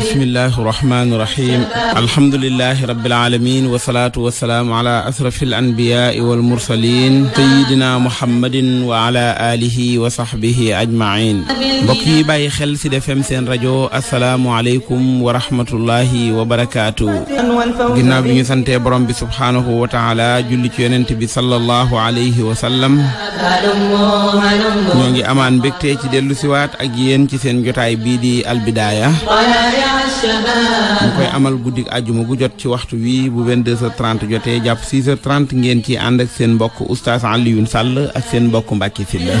bismillahi rahmaani rahim alhamdulilahi rabbil alamin wasalaatu wasalaamu ala asrafi al anbiyaai wal mursalin sayidina muhammadin wa ala alihi wa sahbihi ajmain mbokk yi bàyyi xel ci Sud FM seen rajo asalaamualeykum wa rahmatullahi wa barakaatu ginnaaw bi ñu santee borom bi subhaanahu wa taala julli ci yonent bi sallallahu alayhi wa sallam ñoo ngi amaan mbégte ci dellu siwaat ak yéen ci seen jotaay bii di albidaaya Hidaya mu koy amal guddik àjjuma gu jot ci waxtu wii bu 22h30 jotee jàpp 6 h ngeen ci ànd ak seen mbokk oustaz Alioune Sall ak seen mbokk Mbacke Sylla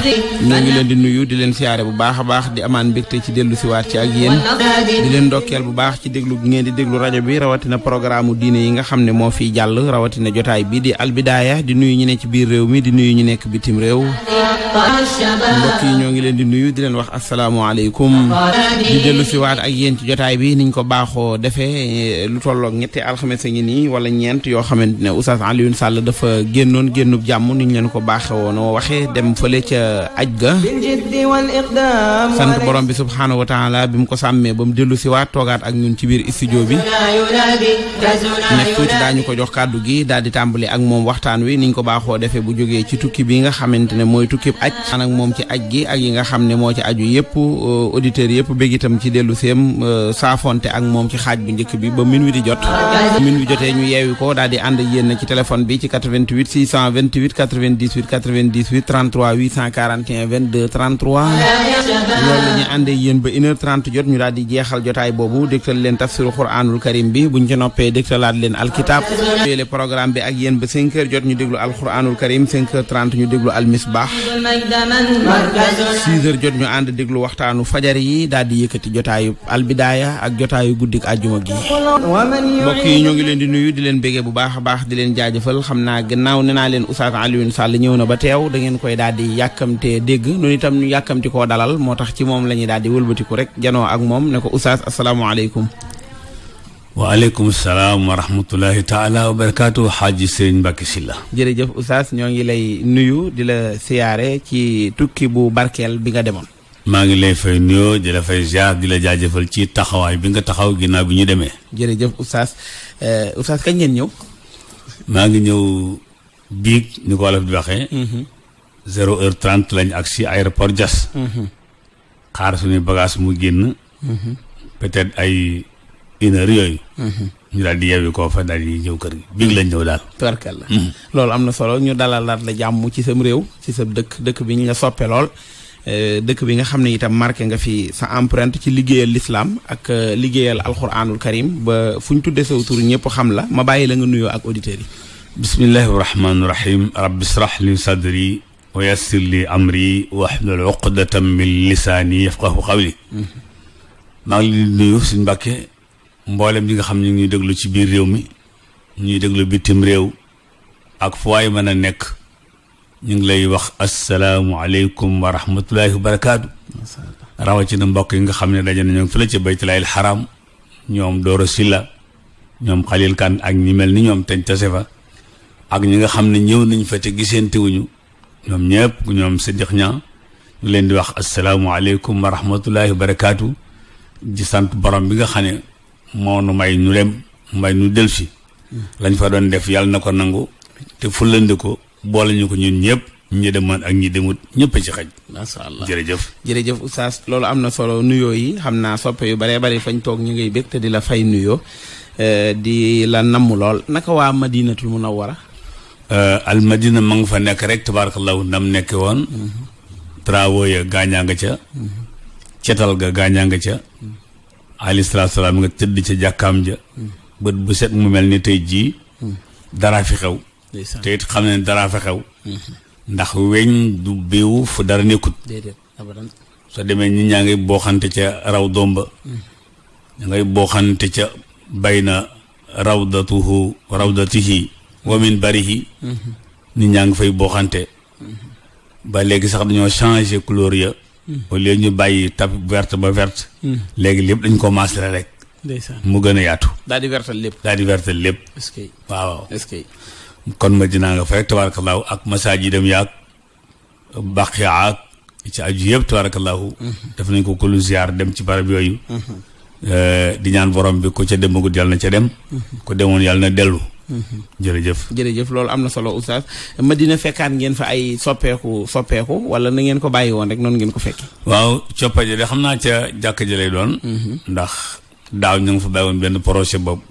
ñoo ngi leen di nuyu di leen siyaare bu baax a baax di amaan mbégte ci dellu siwaat ci ak yéen di leen dokkeel bu baax ci déglu gi ngeen di déglu rajo bi rawatina programme diine yi nga xam ne moo fiy jàll rawatina jotaay bi di Albidaaya di nuyu ñu ne ci biir réew mi di nuyu ñu nekk bitim réew mbokk ngi leen di nuyu di leen wax asalaamaaleykum di siwaat ak yéen ci jotaay bi niñ ko baaxoo defee eh, lu tolloog ñetti alxames ngi nii wala ñeent yoo xamante ne Oustaz Alioune Sall dafa génnoon génnub jàmm niñ leen ko baaxe woonoo waxee dem fële ca aj ga sant borom bi subhaanahu wa taala bi mu ko sàmmee ba mu dellu siwaat toogaat ak ñun ci biir studio bi nag tuuti daañu ko jox kàddu gi daal di tàmbali ak moom waxtaan wi niñ ko baaxoo defee bu jógee ci tukki bi nga xamante ne mooy tukkib aj ak moom ci aj gi ak yi nga xam ne moo dellu seem euh, saafonte ak moom ci xaaj bu njëkk bi ba minuit di jot minuit jotee ñu yeewi ko daal di ànd ci téléphone bi ci 88 628 98 98 33 841 22 33 loolu la ñuy àndee yéen ba une heure jot ñu daal di jeexal jotaay boobu dégtal leen tafsiru quranul karim bi buñ ci noppee dégtalaat leen alkitab le programme bi ak yéen ba cinq heures jot ñu déglu alquranul karim cinq heures trente ñu déglu almisbah six jotaayu albidaaya ak jotaayu guddik àjjuma gi mbokk yi ñoo ngi leen di nuyu di leen béggee bu baax a baax di leen jaajëfal xam naa gannaaw ne naa leen Oustaz Alioune Sall ñëw na ba teew da ngeen koy daal di yàkkamtee dégg noonu itam ñu yàkkamti dalal moo tax ci moom la ñuy daal di wëlbatiku rek janoo ak moom ne ko Oustaz asalaamaaleykum waaleykum salaam wa rahmatullahi taala wa barakaatu xaaji sëriñ Mbàkke Sylla jërëjëf Oustaz ñoo ngi lay nuyu di la siyaare ci tukki bu barkeel bi nga demoon maa ngi lay fay nuyoo di la fay ziar di la jaajëfal ci taxawaay bi nga taxaw ginnaaw bi ñu demee. jërëjëf oustaz euh, oustaz kañ ngeen ñëw. maa ngi ñëw biig ñu ko wolof di waxee. Mhm. zéro heure trente lañ ak si aéroport Diass. Mhm. xaar suñuy bagage mu génn. Mhm. peut-être ay une yooyu. ñu daal di yeewi koo fa daal di ñëw kër gi biig lañ ñëw daal. tubarkalla. loolu am na solo ñu dalalaat la jàmm ci sam réew ci sa dëkk dëkk bi ñu la soppe lool. Eh, dëkk bi nga xam ne itam marqué nga fi sa empreinte ci liggéeyal l'islam ak euh, liggéeyal alquranul karim ba fu ñu tuddee sa tur ñëpp xam la ma bàyyi la nga nuyoo ak auditeurs yi bismillahi rahmaani rahim rabbi israh li sadri wa yassir li amri wahlul uqdatan min lisaani yafqahu mm-hmm. maa ngi leen di suñ mbàkke mboolem ñi nga xam ñu ngi déglu ci biir réew mi ñuy déglu bitim réew ak fu waay mën a nekk ñu ngi lay wax asalaamualeykum wa rahmatullahi wa barakaatu. rawatina mbokk yi nga xam ne daje nañu fële ci baytullaahil xaraam ñoom Doro Silla ñoom Xalil Kan ak ñi mel ni ñoom teñ tase fa ak ñi nga xam ne ñëw nañ fa te gisante wuñu ñoom ñëpp ñoom Siddiq ña ñu leen di wax asalaamualeykum wa rahmatullahi wa barakaatu di sant borom bi nga xam ne moo nu may ñu lem may nu delsi hmm. lañ fa doon def yàlla na ko nangu te fullandi ko boole ñu ko ñun ñëpp ñi demoon ak ñu demut ñëpp ci xaj. macha allah jërëjëf. jërëjëf oustaz loolu am na solo nuyoo yi xam naa soppe yu baree bari fañ toog ñu ngay bég te di la fay nuyoo eh, di la namm lool naka waa madinatul munawwara. Eh, al madina ma nga fa nekk rek tabarakallahu nam nekk woon. Mm-hmm. travaux ya gaañaa nga ca. Mm-hmm. cetal ga gaañaa nga ca. Mm-hmm. alayhi salaatu salaam nga tëdd ca jàkkaam ja. bët bu set mu mel ni tey jii. dara fi xew. te xam ne daraa fa xew ndax weñ du béewu fu dara nekkut soo demee ñi ñaa ngi booxante ca raw domba hmm. ña ngay booxante ca bayna rawdatuhu rawdatihi wa min barihi hmm. nit ñaa ngi fay booxante hmm. ba léegi sax dañoo changé couleur ya au ñu bàyyi tap verte ba verte léegi lépp dañ ko la rek mu gën a yaatu daal di vertal lépp daal di vertal lépp est kon Madina nga fa rek tabaarakallaahu ak dem yaag bàq yaag ci aju yëpp tabaarakallaahu mm-hmm. def nañ ko kulu ziar dem ci barab yooyu mm-hmm. eh, di ñaan borom bi ko ca demagut yàlla na ca dem mm-hmm. ko demoon yàlla na dellu jërëjëf jërëjëf loolu am na solo oustaz Madina fekkaat ngeen fa ay soppeeku soppeeku wala na ngeen ko bàyyi woon rek noonu ngeen ko fekki waaw coppa de xam naa ca jàkka jële lay doon ndax daaw ñu nga fa bàyyi woon benn projet boobu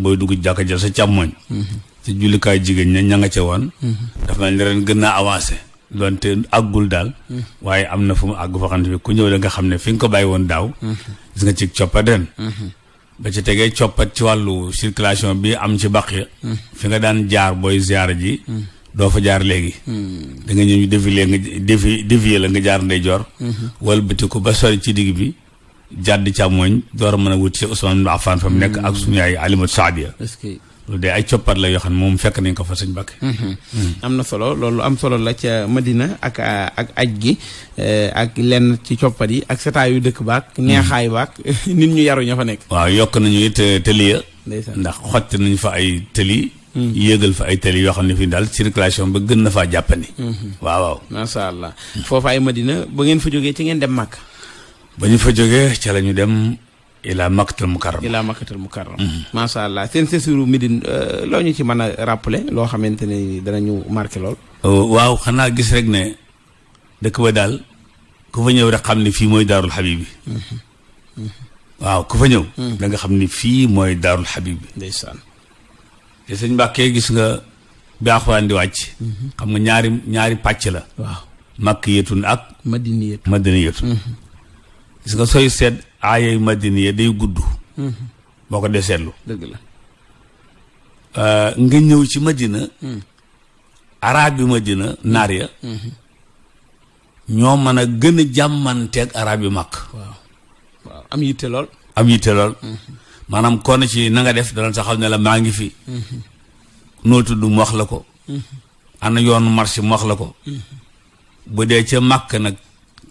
booy dugg jàkka ja sa càmmoñ ci jullikaay jigéen ña ña nga ca woon mhm. daf nañ ren gën naa avancé doonte àggul daal mhm. waaye am na fu mu àgg foo xam ne ku ñëw nga xam ne fi nga ko bàyyi woon daaw mhm. gis nga ci coppat ren ba ci tegee coppat ci wàllu circulation bi am ci baq fi nga daan jaar booy ziar ji doo fa jaar léegi danga nga ñëw ñu défilé nga défi dévier la nga jaar ndeyjoor wala bëti ko ba sori ci digg bi jàdd càmmoñ door a mën a wuti Ousmane Affan fa mu nekk ak suñu yaay Alimatu Saadiya loolu de ay coppat la yoo xam ne moom fekk nañ ko fa sëñ Mbàkke mm-hmm. mm. am na solo loolu am solo la ca Madina ak ak aj gi eh, ak lenn ci coppat yi ak setaayu dëkk baak mm. neexaay baak nit ñu yaru ña fa nekk waaw yokk nañu it eh, tëliya ndax xott nañ fa ay tëli mm. yéegal fa ay tali yoo xam ne fii daal circulation ba gën na faa jàppandi. Mm-hmm. waaw waaw. macha allah foofa ay Madina ba ngeen fa jógee ci ngeen dem Màkka. ba ñu fa jógee ca la dem ilaa makkatal mukarram ilaa makkatal mukarram macha allah seen séjour Médine euh, loo ñu ci mën a rappeler loo xamante ne danañu marqué lool euh, waaw xanaa gis rek ne dëkk ba daal ku fa ñëw rek xam ni fii mooy daarul xabib bi waaw ku fa da nga xam ne fii mooy daarul xabib bi ndeysaan te sëñ Mbàkke gis nga bi Alxuraan di wàcc xam nga ñaari ñaari pàcc la waaw makk yetun ak madina mhm. gis nga sooy seet aayay madiniya day gudd mm-hmm. boo ko dee seetlu dëgg la uh, nga ñëw ci madina mm. arab yi madina naar ya mm-hmm. ñoo mën a gën a jàmmanteeg arab yi mag am yitte lool am yitte lool mm-hmm. maanaam kon ci na nga def dana sa xam ne la maa ngi fi noo tudd mu wax la ko na yoonu marché mu wax la ko bu dee ca màkk nag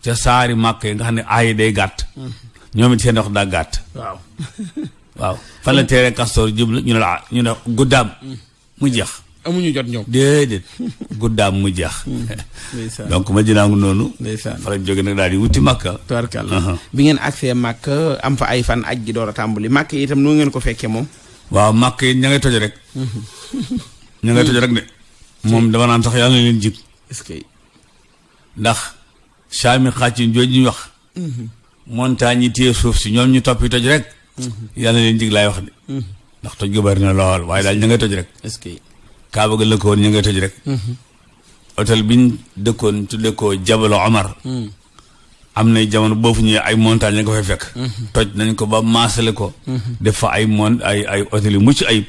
ca saari màkk yi nga xam ne aay day gàtt ñoom it seen wax daa gàtt. waaw waaw fan la teeree kastoor jublu ñu ne la ñu ne guddaam mu jeex. amuñu jot ñoom. déedéet guddaam mu jeex. donc ma jinaangu noonu. ndeysaan fa lañ jóge nag daal di wuti Makka. tubarkalla uh-huh. bi ngeen agsee Makka am fa ay fan aj gi door a tàmbali yi tam noo ngeen ko fekkee moom. waaw Makka yi ña ngay toj rek. ña ngay toj rek de. moom dama naan sax yàlla na leen jig. est-ce que. ndax saami xaaj yi jooju ñuy wax. Mm-hmm. montagne yi téye suuf si ñoom ñu toppi toj rek mhm. yàlla leen jig laay wax de mhm. ndax toj gu bari na lool waaye daal ña ngay toj rek est-ce que kaa bëgg lëkkoon ña ngay toj rek mhm. hôtel biñ dëkkoon tudde ko Jabal Omar am na jamono boobu ñëwee ay montagne ko fay fekk toj nañ ko ba maasale ko def fa ay mont ay ay hôtel yu mucc ayib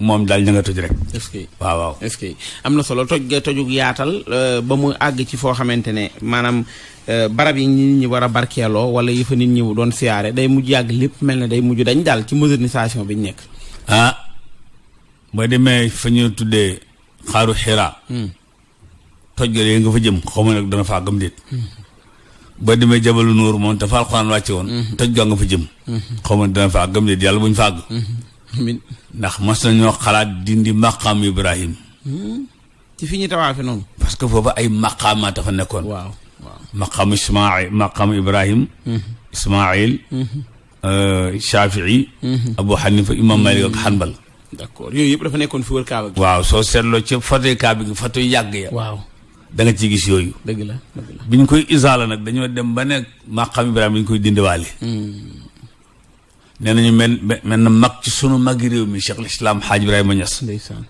moom daal ña nga toj rek. est-ce que waaw waaw. est-ce am na solo toj ga tojug yaatal euh, ba mu àgg ci foo xamante ne maanaam euh, barab yi nit war a barkeeloo wala yi fa nit ñi doon siyaare day mujj yàgg lépp mel ne day mujj dañ daal ci modernisation bi ñu nekk. ah boo demee fa ñu xaaru xiraa. Hmm. toj nga fa jëm xaw ma nag dana faa gëm déet. Hmm. ba demee jabalu nuur moom woon. Hmm. toj ga nga fa jëm. yàlla buñ fa àgg. ndax mas nañoo xalaat dindi maqaam Ibrahim. Hmm? ci fi ñuy tawaafe noonu. parce que foofu ay maqaama dafa nekkoon. waaw waaw maqaamu Ismaïl maqaamu Ibrahim. Hmm. Ismaïl. Hmm. Euh, Shafii. Abu Hanifa Imam Malik ak Hanbal. d'accord yooyu yëpp dafa nekkoon fi wër Kaaba gi. waaw soo seetloo ci fotoy Kaaba gi foto yàgg ya. waaw da nga ciy gis yooyu. dëgg la dëgg koy isaala nag dañoo dem ba nekk maqaamu Ibrahim bi ñu koy dindiwaale. nee nañu mel mel na mag ci sunu magi réew mi Cheikh Islam Haaj Ibrahima Niass ndeysaan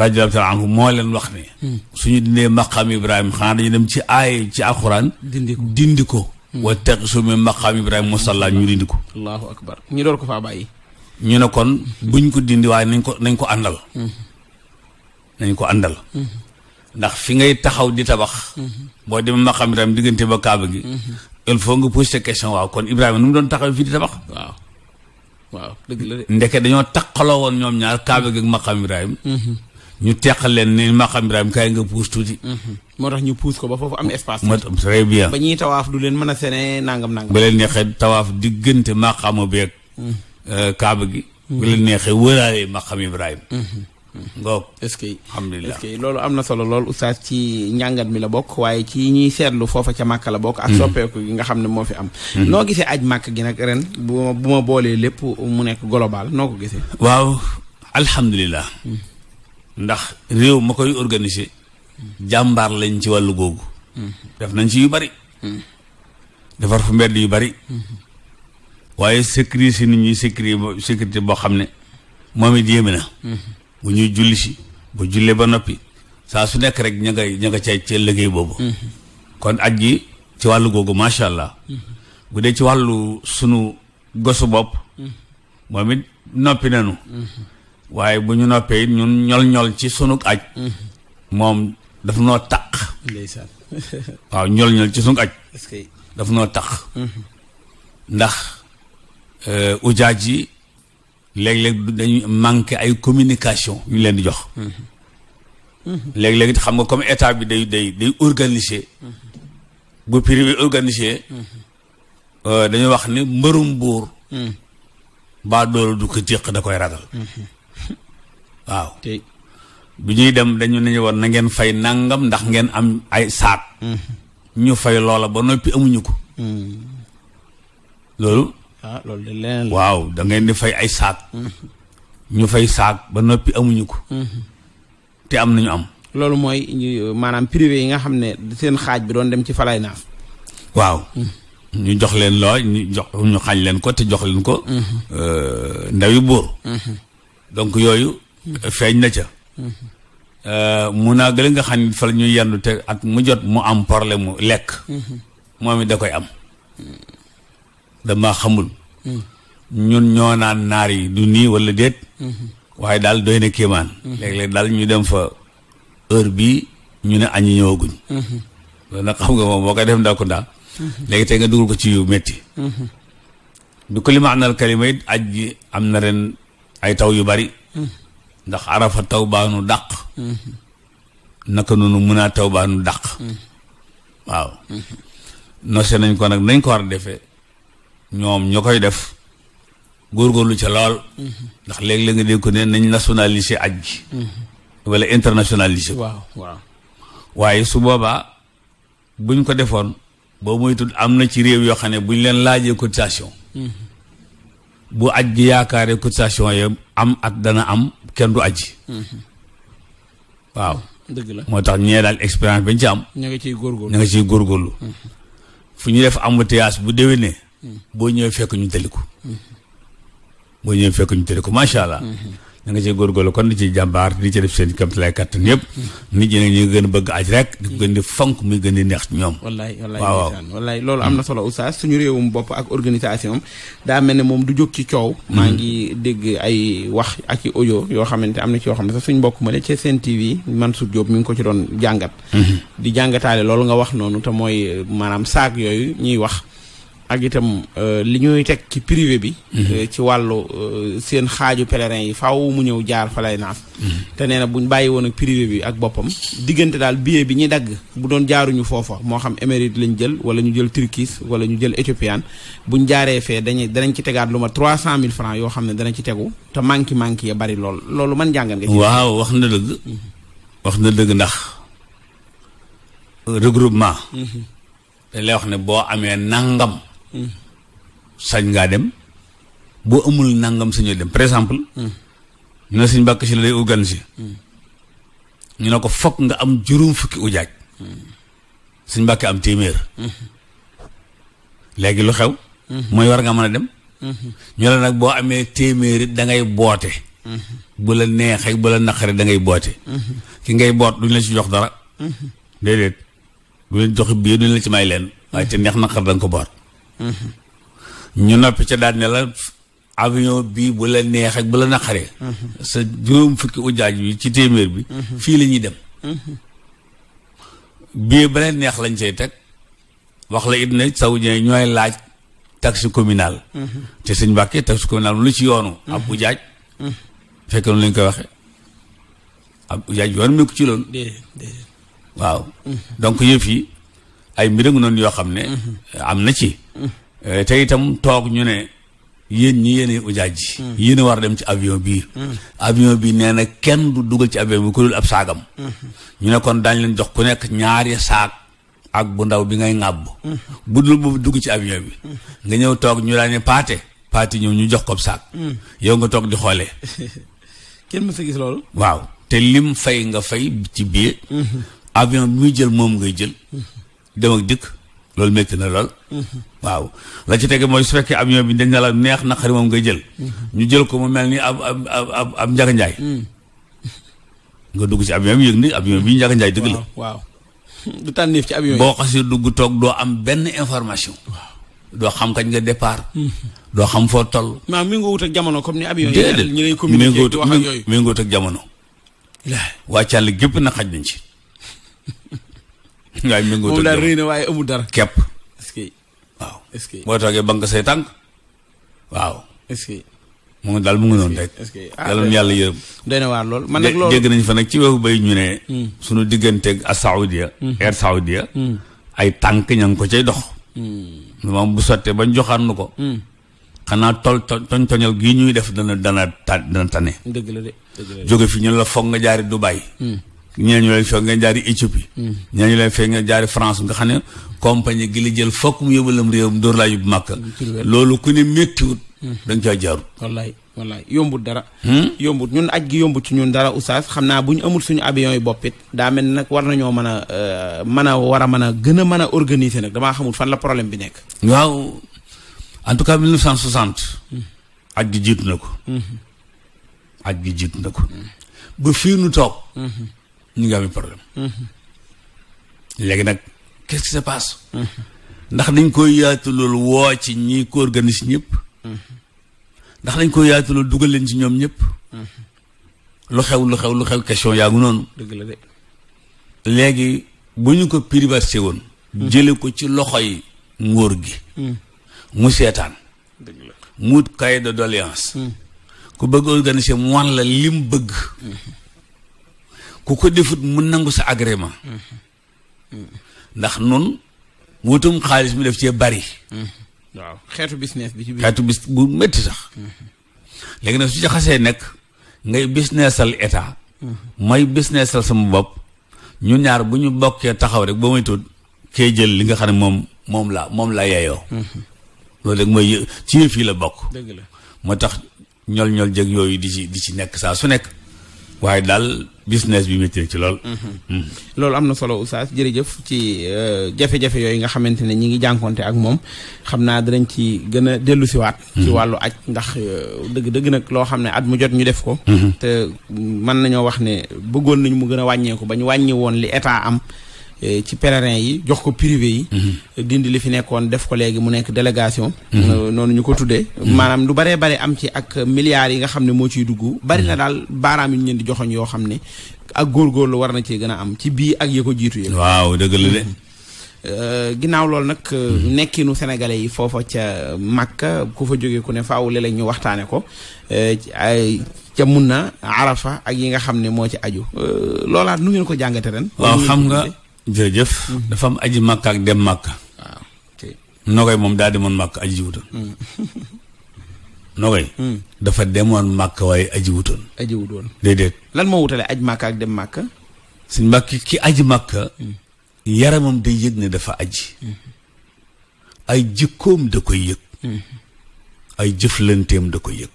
radiyallahu taala anhu moo leen wax ne hmm. suñu dindee maqaam Ibrahima xanaa dañu dem ci aay ci alxuraan dindi ko dindi ko hmm. wa taqisu min maqaam Ibrahima ñu dindi ko allahu ñu door ko faa bàyyi ñu ne kon buñ ko dindi waaye nañ ko nañ ko àndal hmm. nañ ko àndal ndax fi ngay taxaw di tabax boo demee maqaam Ibrahima diggante ba kaaba gi il faut nga poser question waaw kon Ibrahima nu mu doon taxaw fii di waaw dëgg la ndeke dañoo taqaloo woon ñoom ñaar Kaaba gi ak Maqaam Ibrahim. Mhm. ñu teqal leen ni Maqaam Ibrahim kaay nga puus tuuti. Mhm. moo tax ñu puus ko ba foofu am espace. moo tax très bien. ba ñuy tawaaf du leen mën a sene nangam nangam. ba leen neexee tawaaf diggante maqaamu beeg. Mhm. Euh, Kaaba gi. bu leen neexee wëraale Maqaam Ibrahim. ngoog est-ce que alhamdulilah est loolu am na solo lool oustaz ci njàngat mi la bokk waaye ci ñuy seetlu foofa ca màkk la bokk ak mhm. soppeeku gi nga xam ne moo fi am mhm. noo gisee aj màkk gi nag ren bu ma bu ma boolee lépp mu nekk global noo ko gisee waaw alhamdulilah ndax réew ma koy organiser jàmbaar lañ ci wàllu googu mhm. def nañ ci yu bari defar fu mbedd yu bari waaye sécurité nit ñi sécurité sécurité boo xam ne moom it yéeme na bu ñuy julli si bu jullee ba noppi saa su nekk rek ña nga ña nga cay ci liggéey boobu kon aj gi ci wàllu googu macha allah bu dee ci wàllu sunu gosu bopp moom it noppi nañu waaye bu ñu noppee ñun ñol ñol ci sunu aj moom daf noo taq ndeysaan waaw ñol ñol ci sunu aj daf noo taq mm-hmm. ndax euh, ujaaj yi léeg-léeg dañuy manqué ay communication yu leen di jox léeg-léeg xam nga comme état bi day day day organiser bu bi organiser euh, dañuy wax ni mbërum buur baa doolu du ko téq da koy ragal waaw bu ñuy dem dañu nañu war na ngeen fay nangam ndax ngeen am ay saak uhuh. ñu fay loola ba noppi amuñu ko mm. loolu ah loolu de leneen waaw da ngeen di fay ay saak. ñu fay saak ba noppi amuñu ko. te am nañu am. loolu mooy maanaam privé yi nga xam ne seen xaaj bi doon dem ci falay naa waaw. ñu jox leen lool ñu jox ñu xañ leen ko te jox leen ko. Euh, ndawi buur. donc yooyu. feeñ na ca. Euh, mun naa gën nga xam ne fa la ñuy yendu te at mu jot mu am problème mu lekk. it da koy am. dama xamul ñun ñoo naan naar yi du nii walla déet waaye daal doy na kéemaan léeg-léeg daal ñu dem fa heure bi ñu ne añi ñëwaguñ loolu nag xam nga moom boo koy def ndaw ko léegi tey nga dugal ko ci yu métti bi ku li ma anal kalima it aj gi am na ren ay taw yu bari ndax arafa taw baanu dàq naka noonu mun a taw baanu dàq waaw nose nañ ko nag nañ ko war a defee ñoom ñoo koy def góor góorlu ca lool ndax léeg-léeg nga dégg ko ne nañ nationaliser aj gi wala internationaliser waaw waaw waaye su boobaa buñ ko defoon boo moytul am na ci réew yoo xam ne buñ leen laajee cotisation bu aj gi yaakaaree cotisation ya am at dana am kenn du aji waaw dëgg la moo tax ñee daal expérience bañ ci am ña nga ciy góor ña nga ciy góorgóorlu fu ñu def embouteillage bu déwénee boo ñëwee fekk ñu tëli ko. boo ñëwee fekk ñu tëli ko macha allah. Mm-hmm. danga nga cee góorgóorlu kon di ci jàmbaar di ci def seen kamtalaay kàttan yëpp. Mm-hmm. nit ñi nag gën a bëgg aj rek. di gën di mm-hmm. fonk muy gën di neex ñoom. wallaay wallaay wallaay loolu mm. am na solo oustaz suñu réewum bopp ak organisation daa mel ne moom du jóg ci coow. maa ngi dégg ay wax ak i audio yoo xamante am na ci yoo xam ne sax suñu mbokk ma ne ci seen TV Mansour Diop mi ngi ko ci doon jàngat. di jàngataale loolu nga wax noonu te mooy maanaam saak yooyu ñuy wax. ak itam euh, li ñuy teg ci privé bi. Mhm. Euh, ci wàllu euh, seen xaaju pèlerin yi faw mu ñëw jaar fa lay naaf. Mhm. te nee na buñ bàyyi woon ak privé bi ak boppam diggante daal billet bi ñuy dagg bu doon jaaruñu foofa moo xam émérite lañ jël wala ñu jël turquise wala ñu jël éthiopian buñ jaaree fee dañuy danañ ci tegaat lu ma trois cent mille francs yoo xam ne danañ ci tegu te manqué manqué ya bari lool loolu man jàngan nga. waaw wax na dëgg. Mhm. wax na dëgg ndax regroupement. sañ ngaa dem boo amul nangam sañoo dem par exemple ñu ne suñ mbàkk si la day organiser ñu ne ko foog nga am juróom fukki ujaaj suñ mbàkk am téeméer léegi lu xew mooy war nga mën a dem ñu la nag boo amee téeméer da ngay boote bu la neexee bu la naqaree da ngay boote ki ngay boot duñ la ci jox dara déedéet duñ la jox biir duñ la ci may leen waaye te neex naqar da ko boot Mm-hmm. ñu noppi ca daan ne la avion bii bu la neex ak bu la naqaree mm-hmm. sa juróom fukki ujaaj bi ci téeméer bi mm-hmm. fii la ñuy dem bii ba la neex lañ say teg wax la it ne saoudien ñooy laaj taxe communale te sëñ Mbàkke taxe communale lu ci yoonu ab ujaaj fekk noonu lañ koy waxee ab ujaaj yoonu mu ko ci loolu waaw donc yëf yi ay mbir a noonu yoo xam ne am na ci Eh, te itam toog ñu ne yéen ñi yéenay ujaaj ji hmm. war a dem ci avion bii hmm. avion bi nee na kenn du dugal ci avion bi ku dul ab saagam hmm. ñu ne kon daañ leen jox ku nekk ñaari saag ak bu ndaw bi ngay nàbb bu dul bu dugg ci avion bi nga ñëw toog ñu daañu paate paate ñëw ñu jox ko saag yow nga toog di xoolee kenn mësa gis loolu waaw te lim fay nga fay ci billet avion bi muy jël moom ngay jël dem ak dikk loolu metti na lool. waaw la ci tege mooy su fekkee avion bi dañ ne la neex na moom ngay jël. ñu jël ko mu mel ni ab ab ab ab njaga nga dugg ci avion bi yëg ni avion bii njaga njaay dëgg la. waaw du tànneef ci avion yi. boo xasee dugg toog doo am benn information. doo xam kañ nga départ. doo xam foo tol maa mi ngi wut ak jamono comme ni avion yi. ñu lay yooyu mi ngi wut ak jamono. waa gépp na xaj nañ ci. waaye mi ngi moom waaye amul dara. kepp. est-ce que waaw. est-ce que boo toogee banque say tànk waaw. est-ce que. daal mu ngi noonu rek. est-ce que yàlla na ah, yàlla yërëm. doy na waar lool man nag loolu dégg nañ fa nag ci weeru bay ñu ne. Hmm. sunu digganteeg ak Saudia. Hmm. Air Saudia. Hmm. ay tànk ña ngi ko cay dox. moom bu sottee bañ joxaat nu ko. xanaa tol toñ toñal gii ñuy def dana dana ta dana tane. dëgg dëgg la jóge fi ñu la foog nga jaari Dubaay. ñee ñu lay nga jaari Éthiopie ñee ñu lay fekk nga jaari mm. France nga xam ne compagnie gi li jël fokk mu yóbbalam door dóor laa yóbbu màkk mm, loolu ku ne méttiwut mm. da nga caa jaarut wallaay wallaay yombut dara hmm? yombut ñun aj gi yombut ci ñun dara oustaz xam naa bu ñu amul suñu avion yi boppit daa mel nag war nañoo mën a euh, mën a war a mën a gën a mën a organiser nag damaa xamul fan la problème bi nekk waaw en tout cas 1960 hmm. aj gi jiitu na ko hmm. aj gi jiitu na ko ba fii nu toog ñu ngi amee problème. Mm-hmm. léegi nag quest mm-hmm. ndax dañ koy yaatulul woo ci ñi ko organise mm-hmm. ndax dañ koy yaatulul dugal leen ci ñoom ñëpp. lu xew lu xew lu xew question yaa ngi noonu. dëgg la léegi bu ñu ko privatisé woon. jële ko ci loxo yi nguur gi. mu seetaan. dëgg la mu cahier de doléance. ku bëgg organiser mu wan la lim bëgg. ku ko defut mu nangu sa agrément ndax nun wutum xaalis mi def cee bari waaw xeetu business bi ci biir xeetu bu métti sax léegi nag su ci xasee nekk ngay businessal état may businessal sama bopp ñu ñaar bu ñu bokkee taxaw rek ba muy tudd kee jël li nga xam ne moom moom laa moom laa yeyoo loolu rek mooy ci yëf yi la bokk dëgg la moo tax ñol ñol jeg yooyu di di ci nekk saa su nekk waaye daal business bi métti ci lool. Mhm. Mhm. loolu am na solo oustaz jërëjëf ci euh, jafe-jafe yooyu nga xamante ne ñi ngi jànkonte ak moom xam naa danañ ci gën a dellu siwaat ci mhm. wàllu aj ndax euh, dëgg dëgg nag loo xam ne at mu jot ñu def ko. te mm, mën nañoo wax ne bëggoon nañ mu gën a wàññeeku ba ñu wàññi woon li état am. Eh, ci pèlerin yi jox ko privé yi mm-hmm. dindi li fi nekkoon def ko léegi mu nekk délégation mm-hmm. noonu ñu ko tuddee mm-hmm. maanaam lu baree bare am ci ak milliards yi nga xam ne moo ciy dugg bari na daal baaraam yi ñu leen di joxoñ yoo xam ne ak góorgóorlu war na cee gën a am ci bii ak yi ko jiitu yëpp waaw dëgg la de eh, ginnaaw loolu nag eh, nekkinu sénégalais yi foofa ca Makka ku fa jógee ku ne faaw léeg-léeg ñu waxtaane ko ca mun na arafa ak yi nga xam ne moo ci aju loolaat nu ngeen ko jàngate ren jërëjëf. dafa am aji màkk ak dem màkk. waaw nogay moom daa demoon màkk aji wutoon. Hmm. nogay. Hmm. dafa demoon màkk waaye aji wutoon. aji wutoon lan moo wutale aj màkk ak dem màkk. suñ màkk ki aji màkk. Hmm. yaramam day yëg ne dafa aji. ay jikkoom da koy yëg. ay jëflanteem da koy yëg.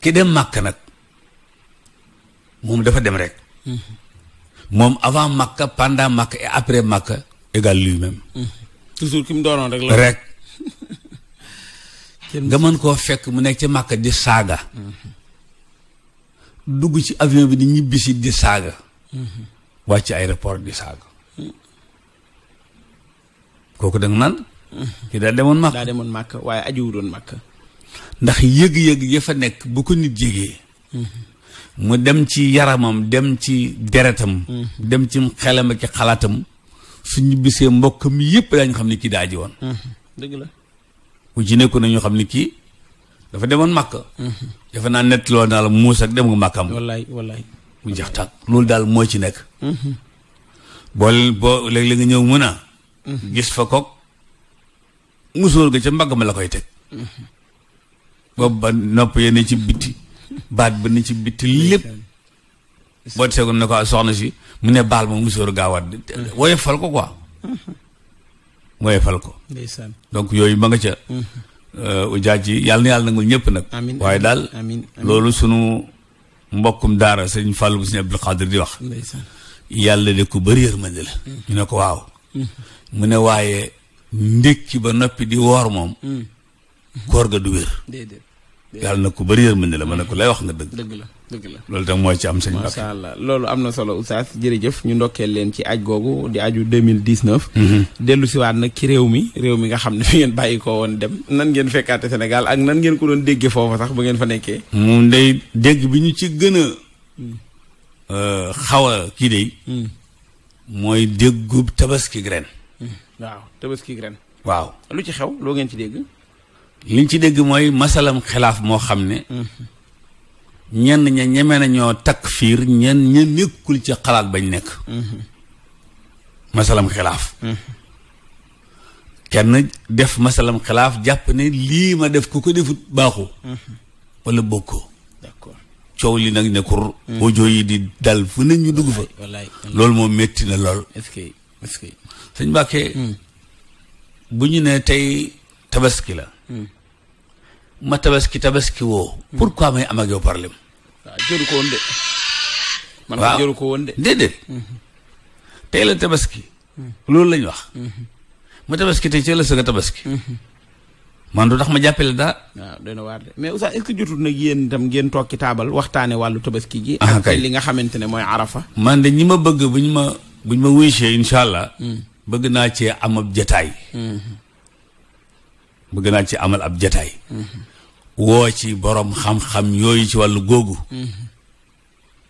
ki dem màkk nag moom dafa dem rek. moom avant Makka pendant Makka et après Makka égal lui-même. Hmm. toujours ki mu doonoon rek la. rek nga mën koo fekk mu nekk ci Makka di saaga. Hmm. dugg ci avion bi di ñibbisi di saaga. Hmm. wàcc aéroport di saaga. kooku da nga naan. ki demoon Makka daa waaye ajiwu doon Makka. ndax yëg-yëg ya fa nekk bu ko nit yëgee. mu dem ci yaramam dem ci deretam mhm. dem ci xelam ak xalaatam suñu bisee mbokkam yëpp daañu xam ne kii daa ji woon mhm. la ku ci nekku nañu xam ne kii dafa demoon makk mhm. dafa naa nett loolu naa la muus ak dem nga màkkam wallaay wallaay mu jeex tàkk loolu daal moo ci nekk bool boo léeg-léeg ñëw mun a gis fa kook musóor ga ca mbagg ma la koy teg boobu ba nopp yéen ci bitti baat ba ni ci bitti lépp boo seegu ne ko soxna si mu ne baal ma musóor gaawaat woyofal ko quoi woyofal ko donc yooyu ma nga ca mhm. euh, ujaaj yi yàlla na yàlla nangul ñëpp nag waaye daal loolu sunu mbokkum daara sëñ Fallou bu sëñ di wax yàlla de ku bëri la mhm. ñu ne ko waaw mhm. mu ne waaye ndékki ba noppi di woor moom koor ga du wér yàlla na ko bëri yërmande la ma ne ko lay wax nga dëgg. dëgg la dëgg la loolu tam mooy ci am. sëñ Mbacke macha allah loolu am na solo oustaz jërëjëf ñu ndokkee leen ci aj googu di aju deux mille dix neuf. Mhm. dellu si na nag ci réew mi réew mi nga xam ne fi ngeen bàyyi ko woon dem nan ngeen fekkaate Sénégal ak nan ngeen ko doon déggee foofa sax ba ngeen fa nekkee. moom day dégg bi ñu ci gën a. Mm. Euh, xaw a kii day. Mm. mooy déggub tabaski ren. Mm. waaw tabaski ren. waaw lu ci xew loo ngeen ci dégg. liñ ci dégg mooy masalam xilaaf moo xam ne ñenn ña ñeme nañoo takk takfiir ñenn ña nekkul ci xalaat bañ nekk masalam xilaaf kenn def masalam xilaaf jàpp ne lii ma def ku ko defut baaxu wala bokkoo d'accord coow li nag nekkul audio yi di dal fu ne ñu dugg fa loolu moom metti na lool est-ce que est hmm. bu ñu nee tey tabaski la hmm. ma tabaski tabaski woo. pourquoi may am ak yow problème. Ah, waaw jëru ko woon de. man ma tey la tabaski. loolu lañ wax. ma tabaski tey ci sa nga tabaski. man du tax ma jàppale daa. Ah, waaw mais Oustaz est jotul nag yéen itam ngeen toog ci taabal waxtaane wàllu tabaski gi. Ah, ak li nga xamante ne mooy arafa. man de ñi ma bëgg bu ñu ma bu ñu ma wéysee incha allah. Hmm. bëgg naa cee am ab jataay. Hmm. bëgg naa ci amal ab jataay. Hmm. woo ci boroom xam-xam yooyu ci wàllu googu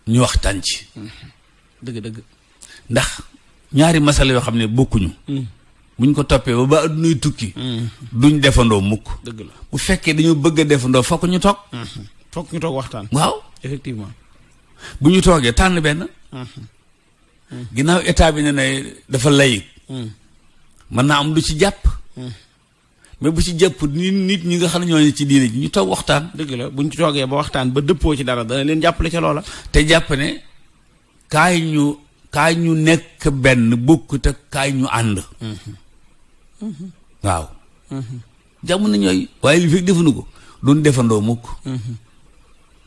ñu waxtaan ci dëgg dëgg ndax ñaari masala yoo xam ne bokkuñu buñ ko toppee ba ba addunuy tukki duñ defandoo mukk dëgg la bu fekkee dañu bëgg a defandoo fokk ñu toog fokk ñu toog waxtaan waaw effectivement bu ñu toogee tànn benn ginnaaw état bi ne ne dafa lay mm. mën naa am du ci jàpp mm. mais bu ci jàpp nit nit ñi nga xam na ñoo ne ci diine ji ñu toog waxtaan. dëgg la buñ ci toogee ba waxtaan ba dëppoo ci dara dana leen jàppale ca loola. te jàpp ne kaay ñu kaay ñu nekk benn bokkut ak kaay ñu ànd. Mm-hmm. waaw. jàmm na ñooy waaye li fi defuñu ko duñ defandoo mukk. Mm-hmm.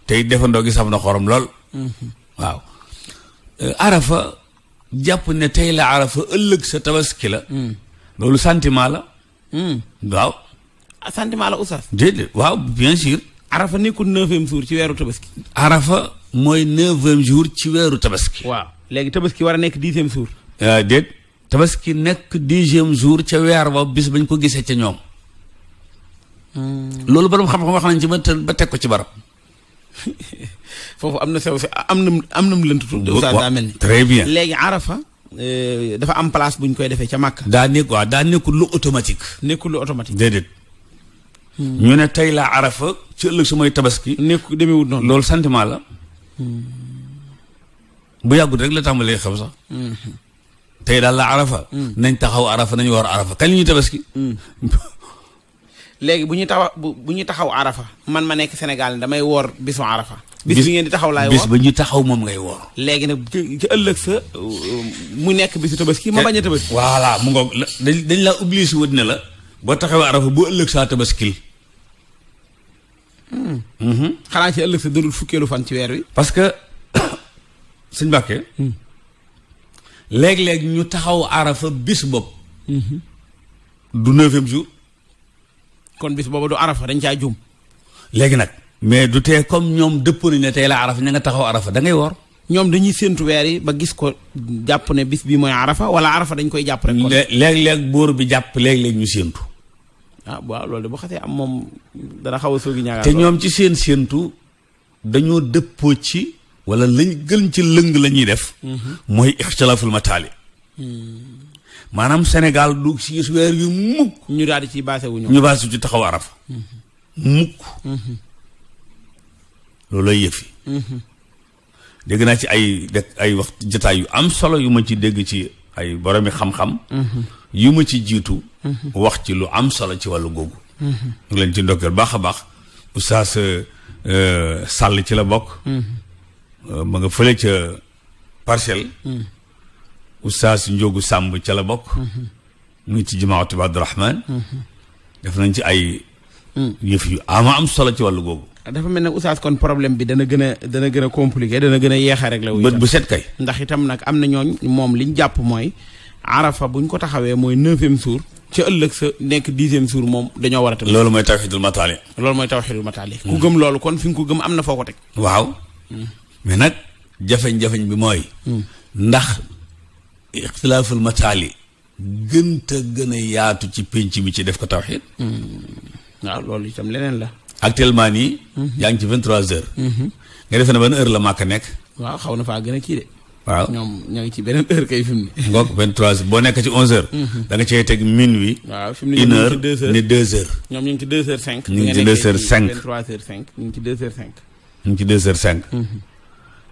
tey defandoo gi sam na xorom lool. Mm-hmm. waaw euh, arafa jàpp ne tey la arafa ëllëg sa tabaski la. Mm. loolu sentiment la. Hmm. waaw. sentiment la oustaz. déedéet waaw bien sûr. arafa nekkul neuvième jour ci weeru tabaski. arafa mooy neuvième jour ci weeru tabaski. waaw léegi tabaski war a nekk dixième jour. Euh, déet tabaski nekk dixième jour ca weer ba bis bañ ko gisee ca ñoom. Hmm. loolu borom xam-xam wax nañ ci ba ba teg ko ci barab. foofu am na sew si am na am na mu lëntu. oustaz daa mel ni très bien léegi arafa. Eh, dafa am place bu ñu koy defee ca Makka. daa nekk waaw daa nekkul lu automatique. nekkul lu automatique déedéet. Hmm. ñu ne tey laa arafa ci ëllëg su may tabaski. nekku demewut noonu loolu sentiment la. Hmm. bu yàggut rek la tàmbalee xam sax. Hmm. tey daal la arafa. nañ taxaw arafa nañ war arafa kañ la ñuy tabaski. léegi bu ñuy taxaw bu bu ñuy taxaw arafa man ma nekk Sénégal damay woor bisu arafa. bis bi ngeen di taxaw laay woor bis ba ñuy taxaw moom ngay woor. léegi nag ci ëllëg sa euh, mu nekk bisu tabaski ma bañ voilà mu ngoog dañ dañ laa obligé wut ne la boo taxawee arafa bu ëllëg saa tabaskil. Hmm. Mhm. xanaa ci ëllëg sa dërul fukkeelu fan ci weer wi. parce que suñ bàkkee. Hmm. léeg-léeg ñu taxaw arafa bis bopp. Hmm. du neuvième jour. kon bis booba du arafa dañ caa juum. léegi nag mais du te comme ñoom dëppoo nañ ne tey la arafa ña nga taxaw arafa da ngay woor. ñoom dañuy séntu weer yi ba gis ko jàpp ne bis bi mooy arafa wala arafa dañ koy jàpp rek. léeg-léeg buur bi jàpp léeg-léeg ñu séntu. ah waaw loolu de bu xasee am moom dana xaw a soogi ñaagaat te ñoom ci seen séentu dañoo dëppoo ci. wala lañ gën ci lëng la ñuy def. Mhm. mooy ixtilaaful mataali hmm. maanaam Sénégal du si gis weer yu mukk ñu daal di ci baase wu ñu baase ci taxaw arafa mm-hmm. mukk mm-hmm. loolu ay yëfi mm-hmm. dégg naa ci ay ay wax jataay yu am solo yu ma ci dégg ci ay boromi xam yu ma ci jiitu wax ci lu am solo ci wàllu googu ñu leen ci ndokkeel baax a baax euh, euh, sa sàll ci la bokk euh, ma nga fële ca parcelle oustaz Njóogu Sàmb ca la bokk mm-hmm. mu ngi ci jamaatu bi Abdourahman mm-hmm. def nañ ci ay mm. yëf yu am am solo ci wàllu googu dafa mel ne oustaz kon problème bi dana gën a dana gën a compliqué dana gën a yeexa rek la bët bu set kay ndax itam nag am na ñooñ moom liñ jàpp mooy arafa buñ ko taxawee mooy neuvième jour ci sa nekk dixième jour moom dañoo war loolu mooy tawxiidul mataali loolu mooy tawxiidul mataali ku mm. gëm loolu kon fi nga ko gëm am na foo ko teg waaw mm. mais nag jafeñ-jafeñ bi mooy ndax ixtilaaful mataali gënta gën a yaatu ci pénc mi ci def ko tawxiid hmm. waaw loolu tam leneen la actuellement nii hmm. yaa ngi ci vingt trois heures hmm. nga defe ne ban heure la màkk nekk waaw xaw na faa gën a kii de waaw ñoom ñoo ngi ci beneen heure kay fi boo nekk ci onze heures da nga teg minuit waaw fi mu ne une heure ni deux heures ñoom ñu ngi ci deux heures cinq ñu ngi ci deux heures cinq vingt trois heures cinq ñu ngi ci deux heures cinq ñu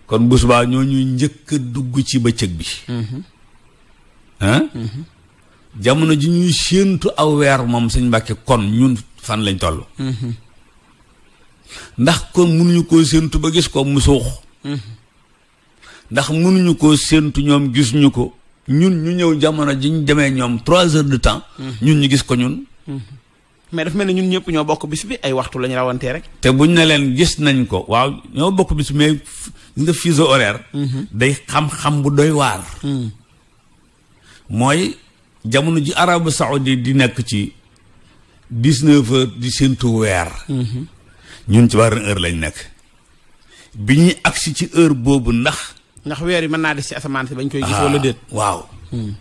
kon bu subaa ñoo ñuy njëkk dugg ci bëccëg bi Mhm. jamono ji ñuy séentu aw weer moom sëñ Mbàkke kon ñun fan lañ toll mhm. ndax kon mënuñu koo séentu ba gis ko mu suux mhm. ndax munuñu koo séentu ñoom gisuñu ko ñun ñu ñëw jamono ji ñu demee ñoom trois heures de temps ñun ñu gis ko ñun mais dafa mel ne ñun ñëpp ñoo bokk bis bi ay waxtu lañu rawantee rek te buñ ne leen gis nañ ko waaw ñoo bokk bis bi mais nga fuseau horaire day xam-xam bu doy waar mooy jamono ji arabu saoudi di nekk ci dix neuf di séntu weer mm-hmm. ñun ci war heure lañ nekk bi ñuy agsi ci heure boobu ndax ndax weer yi mën naa des ci asamaan si bañ koy gis ah, wala déet waaw mm.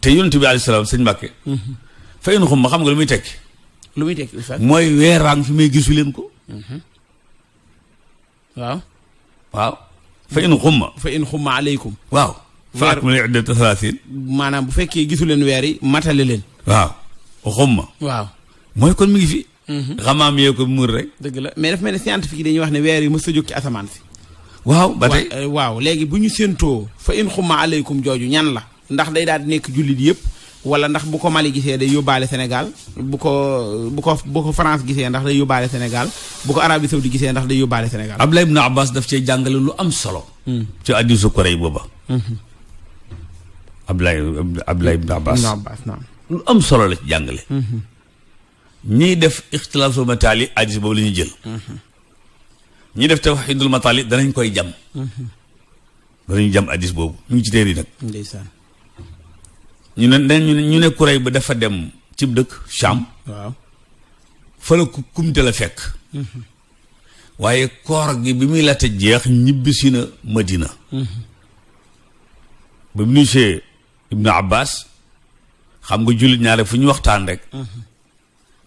te yonent bi alayhi salaam sëñ Mbàkke mm-hmm. fa in xumma xam nga lu muy tekki lu muy tekki ustaas mooy weeraan fi may gisu leen ko mm-hmm. waaw waaw fa in xumma fa in xumma aleykum waaw fa akmilu iddata salaasin maanaam bu fekkee gisu leen weer yi matale leen waaw xumma waaw mooy kon mi ngi fi mhm. xamaam yee ko muur rek dëgg la mais daf mel ne scientifique yi dañuy wax ne weer yi mës a jóg ci asamaan si waaw ba tey waaw léegi bu ñu séentoo fa in xumma jooju ñan la ndax day daal di nekk jullit yëpp wala ndax bu ko Mali gisee day yóbbaale Sénégal bu ko bu ko bu ko France gisee ndax day yóbbaale Sénégal bu ko Arabie Saoudite gisee ndax day yóbbaale Sénégal Abdoulaye ibn Abbas daf cee jàngale lu am solo hmm. ci addisu Kurey booba hmm. Abdoulaye Abdoulaye Ibn Abbas naam lu am solo la ci jàngale ñiy def ixtilaafu mataali addis boobu la ñuy jël ñi def tawxiidul mataali danañ koy jam danañ jam addis boobu mu ngi ci téere yi nag ñu ne dañ ñu ne kuréy ba dafa dem cib dëkk Sham waaw la ku kumte la fekk waaye koor gi bi muy laata jeex ñibbisi na Madina mhm. ba mu ibnu abbas xam nga jullit ñaare fu ñu waxtaan rek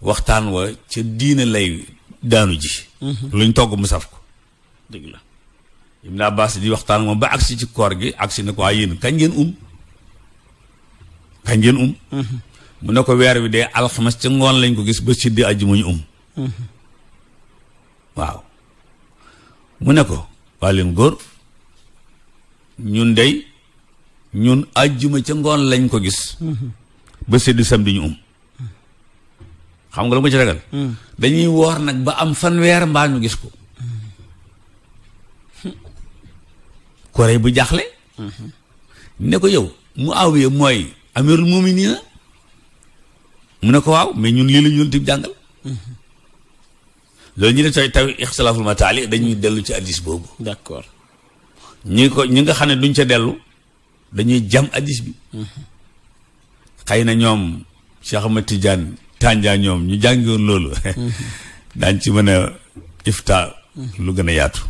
waxtaan wa ca diina lay daanu ji mhm. lu ñu togg mu saf ko dëgg la ibnu abbas di waxtaan moom ba agsi ci koor gi agsi na ko ay yéen kañ ngeen um kañ ngeen um mhm. mu ne ko weer wi dee alxames ca ngoon lañ ko gis ba siddi ajjuma ñu um mhm. waaw mu ne ko waa leen góor ñun dey ñun àjjuma ci ngoon lañ ko gis ba seddu samedi ñu um xam nga la ma ci ragal dañuy woor nag ba am fanweer mbaa ñu gis ko korey bu jaxle ne ko yow mu awiye mooy amirul muminina mu ne ko waaw mais ñun lii la ñu doon tib jàngal loolu ñu ne tey taw ixtilaaful mataali dañuy dellu ci addis boobu d'accord ñi ko ñi nga xam ne duñ ca dellu dañuy jam addis bi xëy na ñoom Cheikh Ahmad Tidiane ñoom ñu jàngoon loolu daañ ci mën a ifta lu gën a yaatu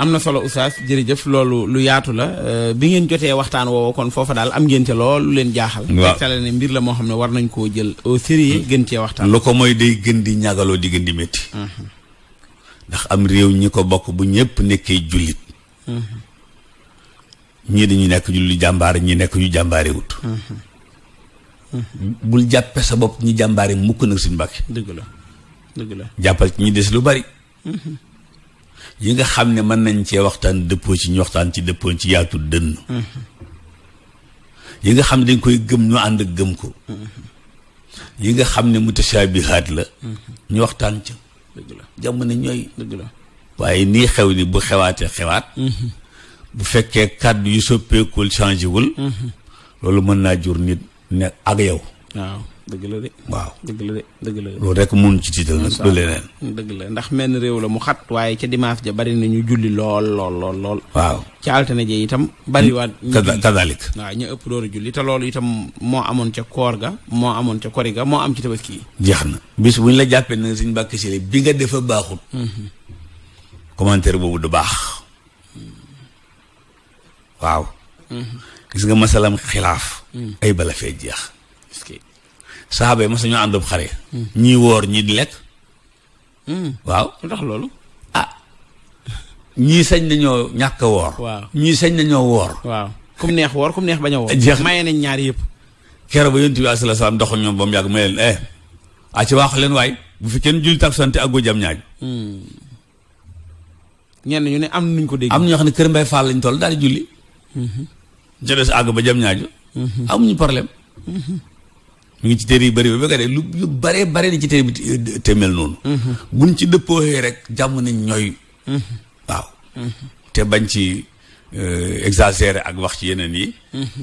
am na solo oustaz jërëjëf loolu lu yaatu la euh, bi ngeen jotee waxtaan woowu kon foofa daal am ngeen ca lool lu leen jaaxal tegtale ne mbir la moo xam ne war nañ koo jël au sérieux mmh. gën cee waxtaan lu ko mooy day gën di ñagaloo di gën di métti ndax am réew ñi ko bokk bu ñépp nekkee jullit ñii dañuy nekk ñu lu jàmbaar ñi nekk ñu jàmbaare wut. bul jàppe sa bopp ñu jàmbaare mukk nag suñu mbàkke. dëgg la dëgg la jàppal ci ñi des lu bari. yi mhm. nga xam ne mën nañ cee waxtaan dëppoo ci ñu waxtaan ci dëppoo ci yaatu dënn. yi mhm. nga xam ne dañ koy gëm ñu ànd gëm ko. yi mhm. nga xam ne mutashaabihaat la. ñu waxtaan ca. dëgg la jàmm ne ñooy. dëgg la waaye nii xew ni bu xewaatee xewaat. bu fekkee kàddu yu soppeekul changé wul. loolu mën naa jur nit ne ak yow. waaw dëgg la de. waaw dëgg la de dëgg la de. loolu rek mun ci tiital nag du leneen. dëgg la ndax menn réew la mu xat waaye ca dimanche ja bari na ñu julli lool lool lool waaw ca altine ja itam. bariwaat ñu julli kadalik waaw ñu ëpp door a julli te loolu itam moo amoon ca koor ga moo amoon ca kori ga moo am ci tabaski kii jeex na bis bu ñu la jàppee nag suñu mbàkk si bi nga defa baaxut. Mhm. commentaire boobu du baax. waaw gis nga masalam xilaaf hmm. ay bala fee jeex saaba yi masa ñoo àndub xare hmm. ñii woor ñii di lekk hmm. waaw lu tax loolu ah ñii sañ nañoo ñàkk woor waaw ñii sañ nañoo woor waaw kum neex woor kum neex bañ a woor jeex maye nañ ñaar yëpp kero ba yonent bi alayhi salaam doxal ñoom ba mu yàgg may leen eh a ah, ci waax leen waay bu fi kenn julli tax ak gu jam ñaaj ñenn ñu ne am nuñ ko dégg am ñoo xam ne kër Mbay Fall lañ toll daal julli ca des àgg ba jam ñaaju amuñu problème mu ngi ci téere yu bari ba ba de lu lu bëree ni ci téere bi te mel noonu buñ ci dëppooxee rek jàmm nañ ñooy waaw te bañ ci euh, exagéré ak wax ci yeneen yi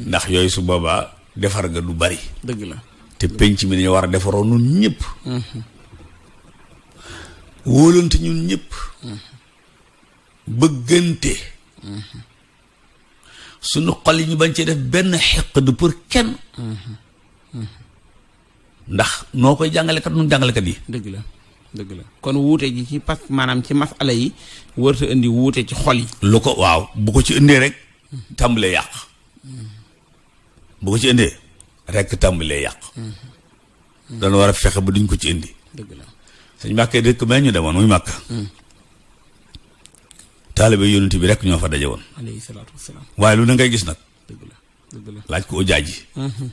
ndax yooyu su boobaa defar ga du bari dëgg la te penc mi dañu war a defaroo ñun ñëpp wóolante ñun ñëpp bëggante suñu xol yi ñu bañ cee def benn xeq du pour kenn ndax noo koy jàngalekat nun jàngalekat yi dëgg la dëgg la kon wuute ji ci pas maanaam ci masala yi wërta indi wuute ci xol yi lu ko waaw bu ko ci indee rek tàmbalee yàq bu ko ci indee rek tàmbalee yàq dana war a fexe ba duñ ko ci indi dëgg la sëñ Mbàkke dëkk may ñu demoon muy Màkka mm. taalibe yonent bi rek ñoo fa daje woon. wa salaam. waaye lu na ngay gis nag. laaj ko ujaaji. Mhm.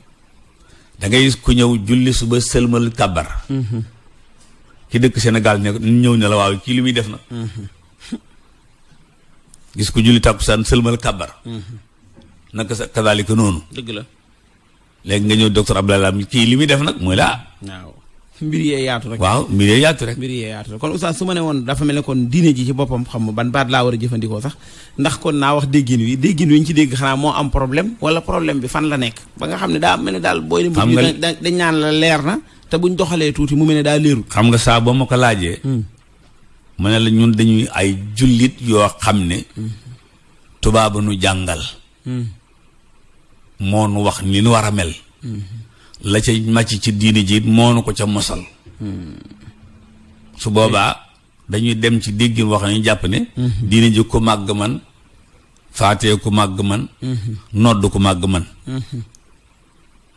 da ngay gis ku ñëw julli suba sëlmal kàbbar. Mhm. ki dëkk Sénégal ne ñëw na la waaw kii li muy def na. Mhm. gis ku julli tàkkusaan sëlmal kàbbar. naka sa kadaalika noonu. dëgg nga ñëw docteur Abdoulaye Lam kii li muy def nag mooy laa. mbir yee yaatu rek. waaw mbir yee yaatu rek. mbir yee yaatu rek kon oustaz su ma ne woon dafa mel ne kon diine ji ci boppam xam ban baat laa war a jëfandikoo sax ndax kon naa wax déggin wi déggin wi ñu ci dégg xanaa moo am problème wala problème bi fan la nekk ba nga xam ne daa mel ne daal booy dem. xam nga dañ naan leer na te buñ doxalee tuuti mu ne daa leerul. xam nga saa boo hmm. ma ne la ñun dañuy ay jullit yoo xam ne. Hmm. tubaab nu jàngal. Hmm. moo nu wax ni nu war a mel. la ca màcc ci diini ji moonu ko ca mosal su boobaa dañuy dem ci déggin wax nañu jàpp ne diini ji ku màgg man faatee ko màgg man nodd ko màgg man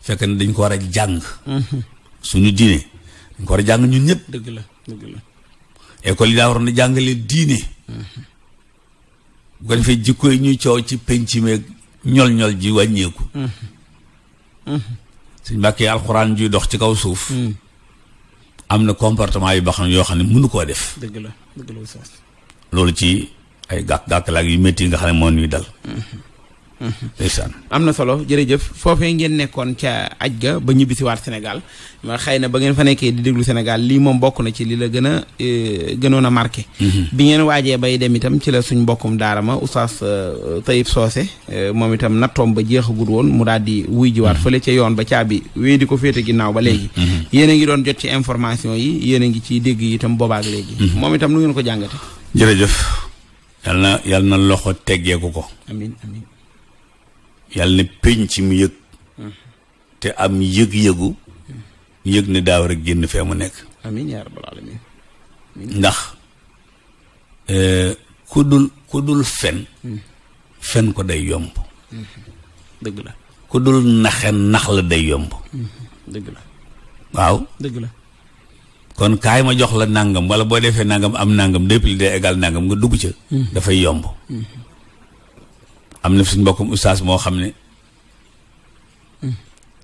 fekk ne dañ ko war a jàng suñu diine dañ ko war a jàng ñun ñëpp dëgg la dëgg yi daa waroon a jàngale diine bu ko defee jikko yi ñuy coow ci penc meeg ñol ñol ji wàññeeku suñ mbàkkee alxuraan juy dox ci kaw suuf. Hmm. am na comportement yu ba xam yoo xam ne mënu koo def. dëgg la dëgg la loolu ci ay gàkk gàkk la yu métti yi nga xam ne moo ñuy dal. Hmm. ndeysaan am na solo jërëjëf foofee ngeen nekkoon ca aj ga ba ñibbisi waat Sénégal ma xëy na ba ngeen fa nekkee di déglu senegal lii moom bokk na ci li la gën a e, gënoon a marqué mhm. bi ngeen waajee bay dem itam ci la suñ mbokkum daara ma oustaz e, Tayib Socé e, moom itam nattoom ba jeexagul woon mu daal di wuy jiwaat mhm. fële ca yoon ba caabi wéy di ko féete ginnaaw ba léegi mhm. yéen a ngi doon jot ci information yi yéen a ngi ci dégg itam boobaak léegi moom itam nu ngeen ko jàngate jërëjëf yàlla na na loxo teggeeku ko amiin yàlla ne pénc mu yëg te am yëg-yëgu yëg ne daa war génn fee mu nekk amiin yaa rabbal alamin ndax eh, ku dul ku dul fen hmm. fen ko day yomb hmm. dëgg la ku dul naxe nax la day yomb hmm. dëgg la waaw dëgg la kon kaay ma jox la nàngam wala boo defee nàngam am nàngam lépp li day égal nàngam nga dugg ca dafay yomb am na suñ mbokkum ustaas moo xam ne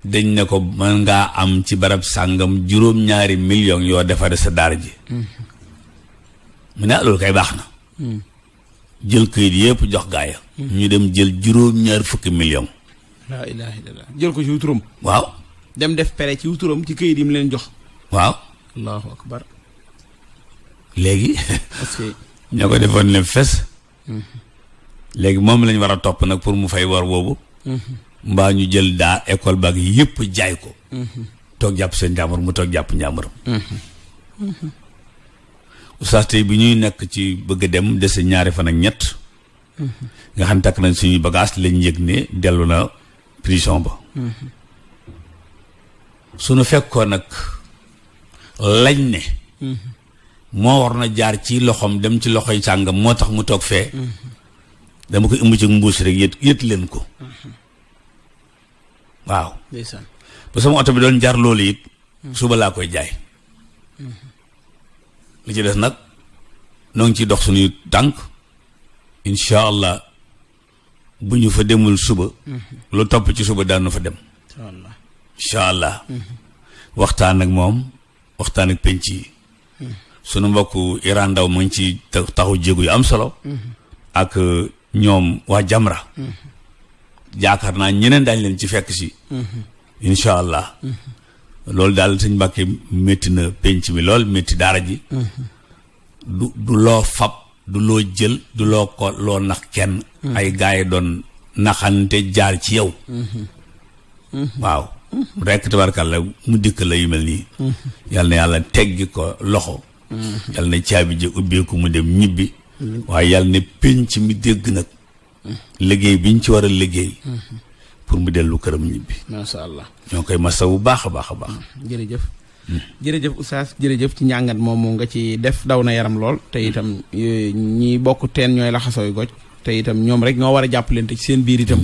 dañ ne ko mën ngaa am ci barab sàngam juróom-ñaari million yoo defare sa daar ji mu ne loolu kay baax na jël këyit yëpp jox gaaya ñu dem jël juróom-ñaar fukki million jël ko ci wuturam waaw dem def pere ci wuturam ci këyit yi mu leen jox waaw allahu léegi ñoo ko defoon ne fes mm-hmm. léegi moom lañ war a topp nag pour mu fay war boobu mm-hmm. mbaa ñu jël daa école baag yëpp jaay ko mm-hmm. toog jàpp seen njàmbur mu toog jàpp njàmburam mm-hmm. oustaz bi ñuy nekk ci bëgg a dem dese ñaari fan ak ñett nga xam takk nañ suñuy bagage lañ yëg ne dellu na prison ba suñu fekkoon nag lañ ne moo war na jaar ci loxoom dem ci loxoy sàngam moo tax mu toog fee dama ko ëmb ci mbuus rek yët yët leen ko mm-hmm. waaw bu sama oto bi doon jar loolu it mm-hmm. suba laa koy jaay mm-hmm. li ci des nag noo ngi ciy dox suñuy tànk incha allah bu ñu fa demul suba lu topp ci suba daanu fa dem incha allah waxtaan ak moom waxtaan ak penc yi sunu mbokk Iran Ndaw mu ngi ci taxu jéegu yu am solo ak ñoom waa jamra jaakaar naa ñeneen dañ leen ci fekk si incha allah loolu daal sëñ Mbàkke métti na penc mi lool métti daara ji du du loo fab du loo jël du loo ko loo nax kenn ay gaay doon naxante jaar ci yow waaw rekk tabarkàlla mu dikk la yu mel nii yàlla teggi ko loxo yal na caabi ji ubbeeku mu dem ñibbi waaye yàlla ne pénc mi dégg nag liggéey biñ ci war a liggéey pour mu dellu këram ñibbi macha allah ñoo koy masa bu baax a baax a baax hmm, jërëjëf jërëjëf oustaz jërëjëf ci moom moomu nga ci def daw na yaram lool te itam eh, ñi bokk teen ñooy laxasooy goj te itam ñoom rek ñoo war a jàppalante ci seen biir itam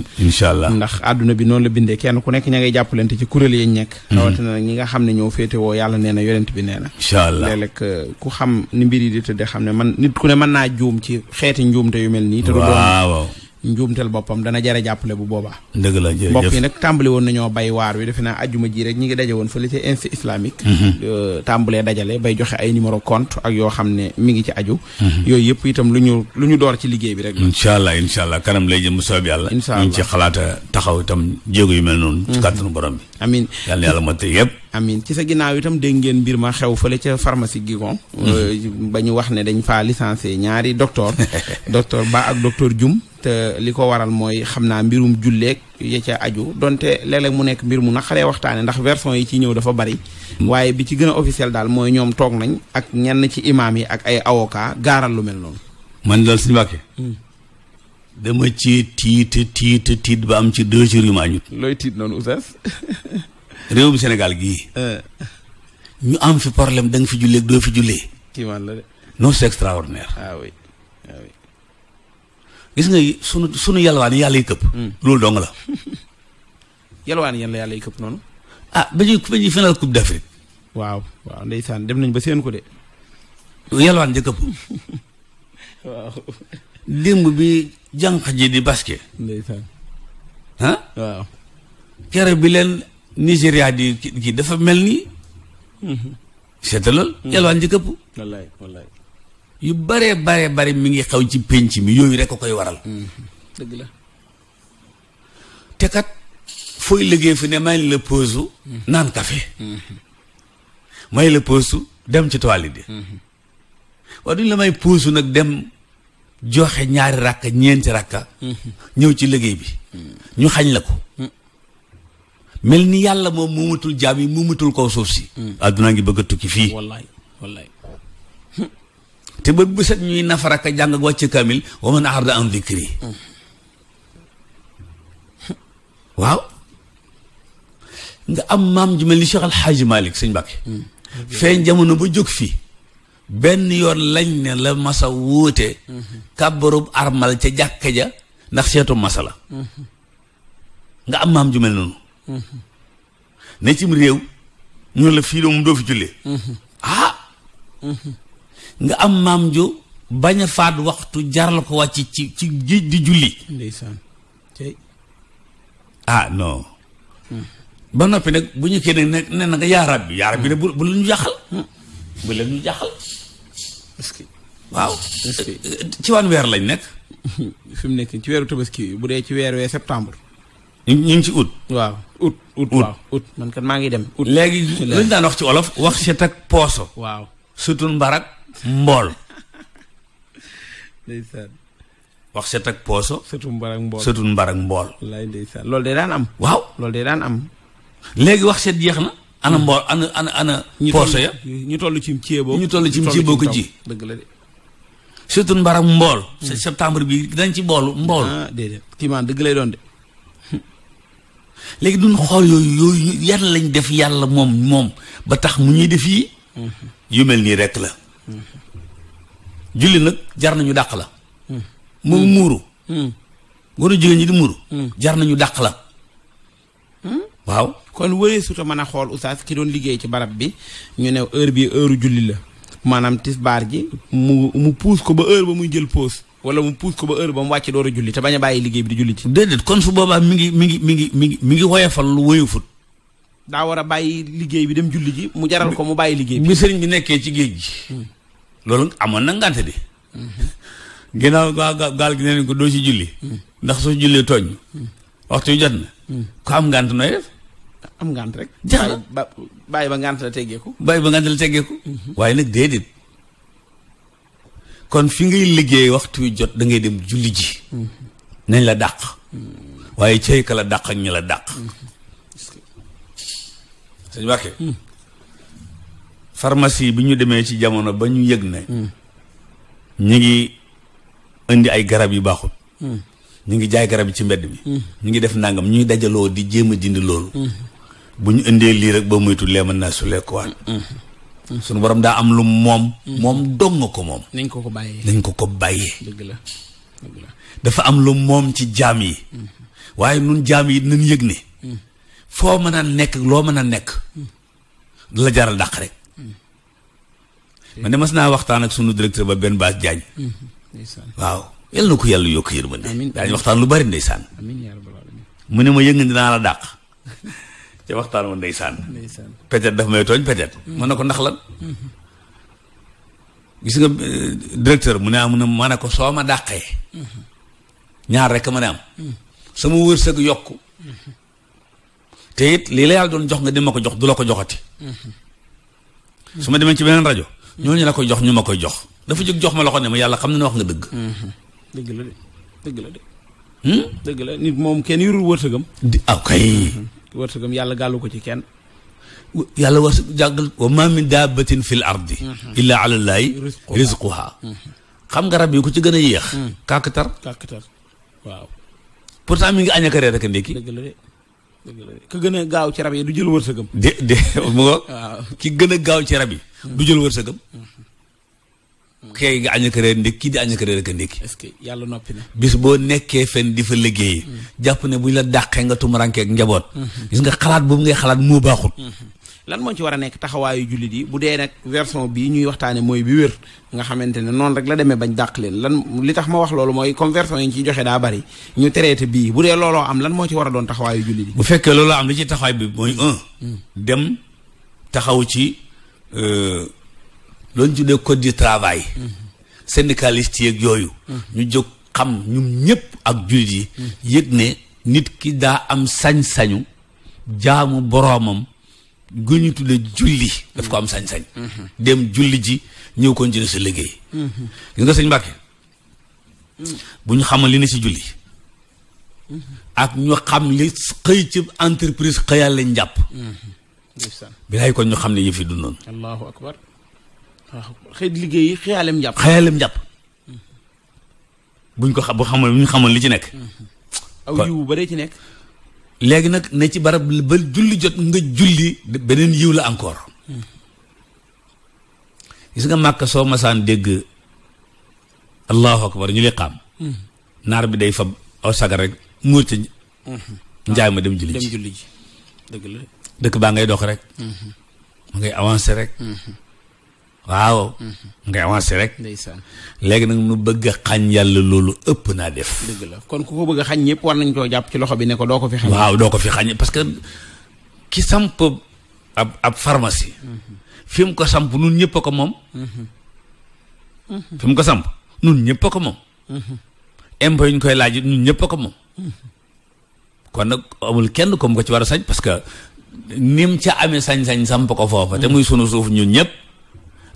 allah ndax àdduna bi noon la bindee kenn ku nekk ña ngay jàppalante ci kuréel yi ñu nekk mhm. rawatina nag ñi nga xam ne ñoo féetewoo yàlla nee na yonent bi nee na allah léeg-léeg euh, ku xam ni mbir yi di xam ne man nit ku ne mën naa juum ci xeeti njuumte yu mel nii te du doon njuumteel boppam dana jare jàppale bu boobaa dëgg la jërëjëf mbokk yi nag tàmbali woon nañoo bay waar wi defe naa ajjuma ji rek ñi ngi daje woon fële ca institut islamique mhm. euh, tàmbalee dajale bay joxe ay numéro compte ak yoo xam ne mi ngi ci aju mhm. yooyu yëpp itam lu ñu lu ñu door ci liggéey bi rek incha allah incha allah kanam lay jëm soob yàlla incha allah ñu ci xalaata taxaw itam jéego yu mel noonu ci mhm. kàttanu borom bi amin yal na yàlla mot yëpp. amin ci sa ginnaaw itam dégg ngeen mbir ma xew fële ca pharmacie Gigon. Hmm. Euh, ba ñu wax ne dañ fa licencié ñaari doctor docteur Ba ak docteur jum te li ko waral mooy xam naa mbirum julleeg ya ca aju donte léeg-léeg mu nekk mbir mu naqaree waxtaane ndax version yi ci ñëw dafa bari hmm. waaye bi ci gën a officiel daal mooy ñoom toog nañ ak ñenn ci imaam yi ak ay avocat gaaral lu mel noonu. man loolu si Mbàkke hmm. dama ci tiit tiit tiit ba am ci deux jours yu maa ñut looy tiit noonu Oustaz. réewum Sénégal gii. Eh. ñu am fi problème da fi jullee doo fi jullee. kii man la de. non c'est extraordinaire. Ah ah gis nga sunu sunu yalwaan yàlla yi këpp. Hmm. loolu dong la. yalwaan yéen la yàlla yi këpp noonu. ah ba ñuy ba ñuy d'Afrique. waaw waaw ndeysaan dem nañ ba seen ko de. yalwaan ja këpp. démb bi jànq ji di basket. ndeysaan. ah. waaw. kere bi leen Nigéria di kii dafa mel nii. Mhm. seetalal. Mhm. yalwaan ji këpp. wallaay wallaay. yu bare bare bare mi ngi xaw ci pénc mi yooyu rek a koy waral. Mhm. dëgg la. te kat fooy liggéey fi ne may la pause naan café. may la pause dem ci toilette. waaw duñ la may pause nag dem. joxe ñaari ràkk ñeenti rakka ñëw ci liggéey bi ñu xañ la ko mel ni yàlla moom muumatul jaam yi muumatul kaw suuf si àdduna ngi bëgg a tukki fii wallaay wallaay te ba bu set ñuy nafaraka jàng ak wàcc kamil wa waaw nga am maam mel ni Cheikh Al Hadj Malick sëñ mm. feeñ jamono ba jóg fii benn yoon lañ ne la masa wuute kàbbarub armal ca jàkka ja ndax seetu masa la nga am maam ju mel noonu ne cim réew ñu la fii doom doo fi jullee ah nga am maam ju bañ waxtu jaral ko wàcc ci ci géej ah, ba noppi nag bu ñu kenn ne ne na nga yaa rabbi ne bu bu lu ba leen ñu jaaxal. est-ce que waaw. ci wan weer lañ nekk. fi mu nekk ci weeru tabaski bu dee ci weer wee septembre. ñu ngi ci ut waaw août août waaw août man kat maa ngi dem ut léegi luñ daan wax ci wolof. wax set ak pooso. waaw surtout mbarak mbool. ndeysaan. wax set ak pooso. surtout mbarak mbool surtout mbarak mbool. wallaay ndeysaan loolu de daan am. waaw loolu de daan am. léegi wax set jeex na. ana mbool ana ana ana. poose ya ñu toll ci ceeboo ñu toll ci ceeboo ko ji. dëgg la de. surtout mbaram mbool. Hmm. septembre bi dinañ ci boolu mbool. ah déedéet kii maanaam dëgg lay doon de. léegi duñ xool yooyu yooyu lañ def yàlla moom moom ba tax mu ñuy def yii. Hmm. yu mel nii rek la. Hmm. julli nag jar nañu dàq la. mu muuru. góor ñi di jar nañu dàq la. waaw kon wëree suta mën a xool oustaz ki doon liggéey ci barab bi ñu ne heure bi heure julli la maanaam tisbaar ji mu mu puus ko ba heure ba muy jël poos wala mu puus ko ba heure ba mu wàcc door a julli te bañ a bàyyi liggéey bi di julli ci déedéet kon su boobaa mi ngi mi ngi mi ngi mi ngi mi ngi woyofal lu woyofut daa war a bàyyi liggéey bi dem julli ji mu jaral ko mu bàyyi liggéey bi bi sëriñ bi nekkee ci géej gi hmm. loolu amoon na ngànt di hmm. ginnaaw gaal gi nee nañ ko doo ci julli hmm. ndax soo jullee tooñ waxtu yu jot na ko am ngànt nooy def. am ngànt rek. ba bàyyi ba ngànt la teggeeku. bàyyi ba ngànt la teggeeku. Mhm. waaye nag déedéet. kon fi ngay liggéey waxtu wi jot dangay dem julli ji. Mhm. nañ la dàq. Mhm. waaye cey ka la dàq ak ñi la dàq. sëñ Bakke. pharmacie bi ñu demee ci jamono ba ñu yëg na ñu ngi indi ay garab yu baaxul. ñu ngi jaay garab yi ci mbedd mi. ñu ngi def nangam ñuy dajaloo di jéem a dindi loolu. bu ñu indee lii rek ba moytu lee mën naa su lekkuwaat. sunu borom daa am lu moom. moom dog nga ko moom. nañ ko ko bàyyee nañ ko ko bàyyee. dëgg la dafa am lu moom ci jaam yi. waaye nun jaam yi nañ yëg ni foo mën a nekk loo mën a nekk. la jaral dàq rek. Mm. man de mas naa waxtaan ak sunu directeur ba benn baas Diagne. Mm. Mm. waaw. yal na ko yàlla yokk yërmande daañu waxtaan lu bari ndeysaan mu ne ma yëg nga dinaa la dàq ca waxtaan wa ndeysaan peut-être daf may tooñ peut-être mm-hmm. na ko ndax lan mm-hmm. gis nga eh, directeur mu ne am ah, na ma ne ko soo ma dàqee mm-hmm. ñaar rek ma ne am sama wërsëg yokk te lii la yàlla jox nga di ma ko jox du la ko joxati su ma demee ci beneen rajo ñooñu la ko jox ñu ma koy jox dafa jóg jox ma loxo ne ma yàlla xam na ne wax nga dëgg dëgg la de dëgg la hmm? dëgg la nit moom kenn yorul wërsëgam. di aw ah, kay. Mm-hmm. yàlla gàllu ko ci kenn. yàlla war jàggal wa ma min daabatin fi ardi mm-hmm. illa ala llaahi rizquha mm-hmm. xam nga rab yi ku ci gën a yéex mm. kàkkatar kàkkatar waaw mi ngi añ ak reer rek a ndékki dëgg gën a gaaw ci rab yi du jël wërsëgam de de mu ki gën a gaaw ci rab yi du jël wërsëgam mm. kee nga añaka reer ndékki kii di añaka reer ak a ndékki est yàlla noppi na bis boo nekkee fen di fa liggéey mm-hmm. jàpp ne bu ñu la dàqee nga tumuranke ak njaboot mm-hmm. gis nga xalaat boobu ngay xalaat moo baaxul mm-hmm. lan moo ci war a nekk taxawaayu jullit yi bu dee nag version bii ñuy waxtaane mooy bi wér nga xamante ne noonu rek la demee bañ dàq leen li tax ma wax loolu mooy comme version yi ñu ciy joxe daa bari ñu traité bii bu dee looloo am lan moo ci war a doon taxawaay loolu tuddee code du travail syndicaliste yeeg yooyu ñu jóg xam ñun ñëpp ak jullit yi yëg ne nit ki daa am sañ-sañu jaamu boroomam gu ñu tuddee julli daf ko am sañ-sañ julli ji ñëw continuer sa liggéey gis nga sëñ Mbàkke bu ñu xamal li ne si julli ak ñu xam li xëy ci entreprise xëyal lañ jàpp mm-hmm. bilaay kon ñu xam ne yëf yi dundoon xëy liggéeyi xëyalem jàpp. xëyalem jàpp buñ ko xam bu xamoon bu ñu xamoon li ci nekk. Mm-hmm. aw yiw bu bëree ci nekk. léegi nag ne ci barab ba julli jot nga julli beneen yiw la encore. Mm-hmm. gis nga màkk soo masaan dégg allahu akbar ñu li mm-hmm. naar bi day fab aw sagar rek muur ca njaay ma dem julli ji dëkk baa ngay dox rek. ma ngay avancé rek. waaw mhm. ngay avancé rek ndeysaan léegi nag nu bëgg xañ yàlla loolu ëpp naa def dëgg la kon ku ko bëgg xañ ñëpp war nañ koo jàpp ci loxo bi nekk doo ko fi xañ waaw doo ko fi xañ que ki samp ab ab pharmacie mhm. fi ko samp nun ñëpp a ko moom mhm. fi ko samp nun ñëpp ko moom impôt koy laaj nun ñëpp a ko moom kon nag amul kenn comme ko ci war a sañ parce que nim ca amee sañ-sañ samp ko foofa te muy sunu suuf ñun ñëpp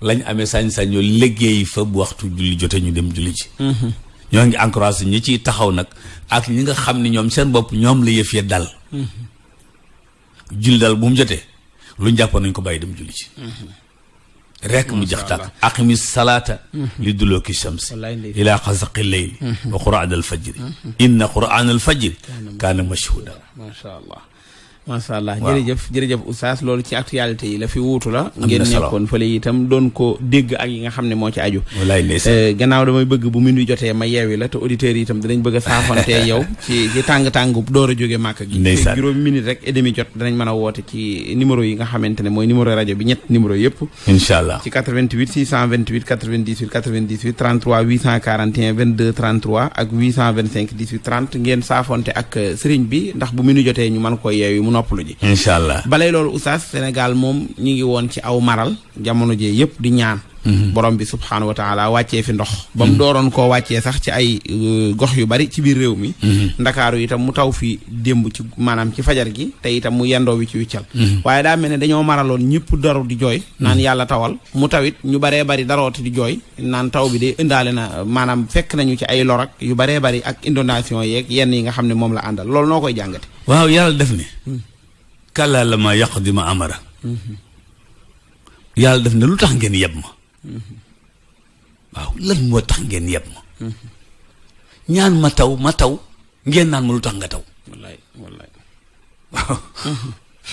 lañ amee sañ-sañu liggéey fa bu waxtu julli jote ñu dem julli ci ñoo ngi encouragé ñi ciy taxaw nag ak ñi nga xam ni ñoom seen bopp ñoom la yëf ya dal julli dal bu mu jotee lu ñu jàppoon nañ ko bàyyi dem julli ci rek mu jax tàkk aqimi salaata li dulooki shams ilaa xasaqi leyli wa quraan al fajri mhm. inna quraan al fajri kaana mashhuuda macha allah jërëjëf jërëjëf oustaz loolu ci actualité yi la fi wuutu ngeen nekkoon fële itam doon ko dégg ak nga xam ne moo ci aju eh, gannaaw damay bëgg bu minuit jotee ma yeewi la te auditeurs yi itam dinañ bëgg a saafante yow ci ci yi nga xamante ne mooy numéro rajo bi ñett numéro yëpp incha allah ci 88 628 98 98 33 841 22 33 ak 825 18 30 ngeen saafante euh, bi ndax bu minuit jotee ñu mën ko yeewi noppalu ji. incha allah balay loolu oustaz Sénégal moom ñi ngi woon ci aw maral jamono jee yëpp di ñaan. Mhm. borom bi subxanahu wa taala wàccee fi ndox. ba mu mhm. dooroon koo wàccee sax ci ay euh, gox yu bari ci biir réew mi. Mhm. ndakaaru itam mu taw fi démb ci maanaam ci fajar gi te itam mu yendoo wi ci wiccal. waaye daa mel ne dañoo maraloon ñëpp daru di jooy. naan yàlla tawal mu tawit ñu bare bari darooti di jooy naan taw bi de indaale na maanaam fekk nañu ci ay lorak yu baree bari ak inondation yeeg yenn yi nga xam ne moom la àndal loolu noo koy jàngate. kàllaa la ma yàq di ma amara yàlla def na lu tax ngeen yeb ma waaw lan moo tax ngeen yeb ma ñaan ma taw ma taw ngeen naan ma lu tax nga taw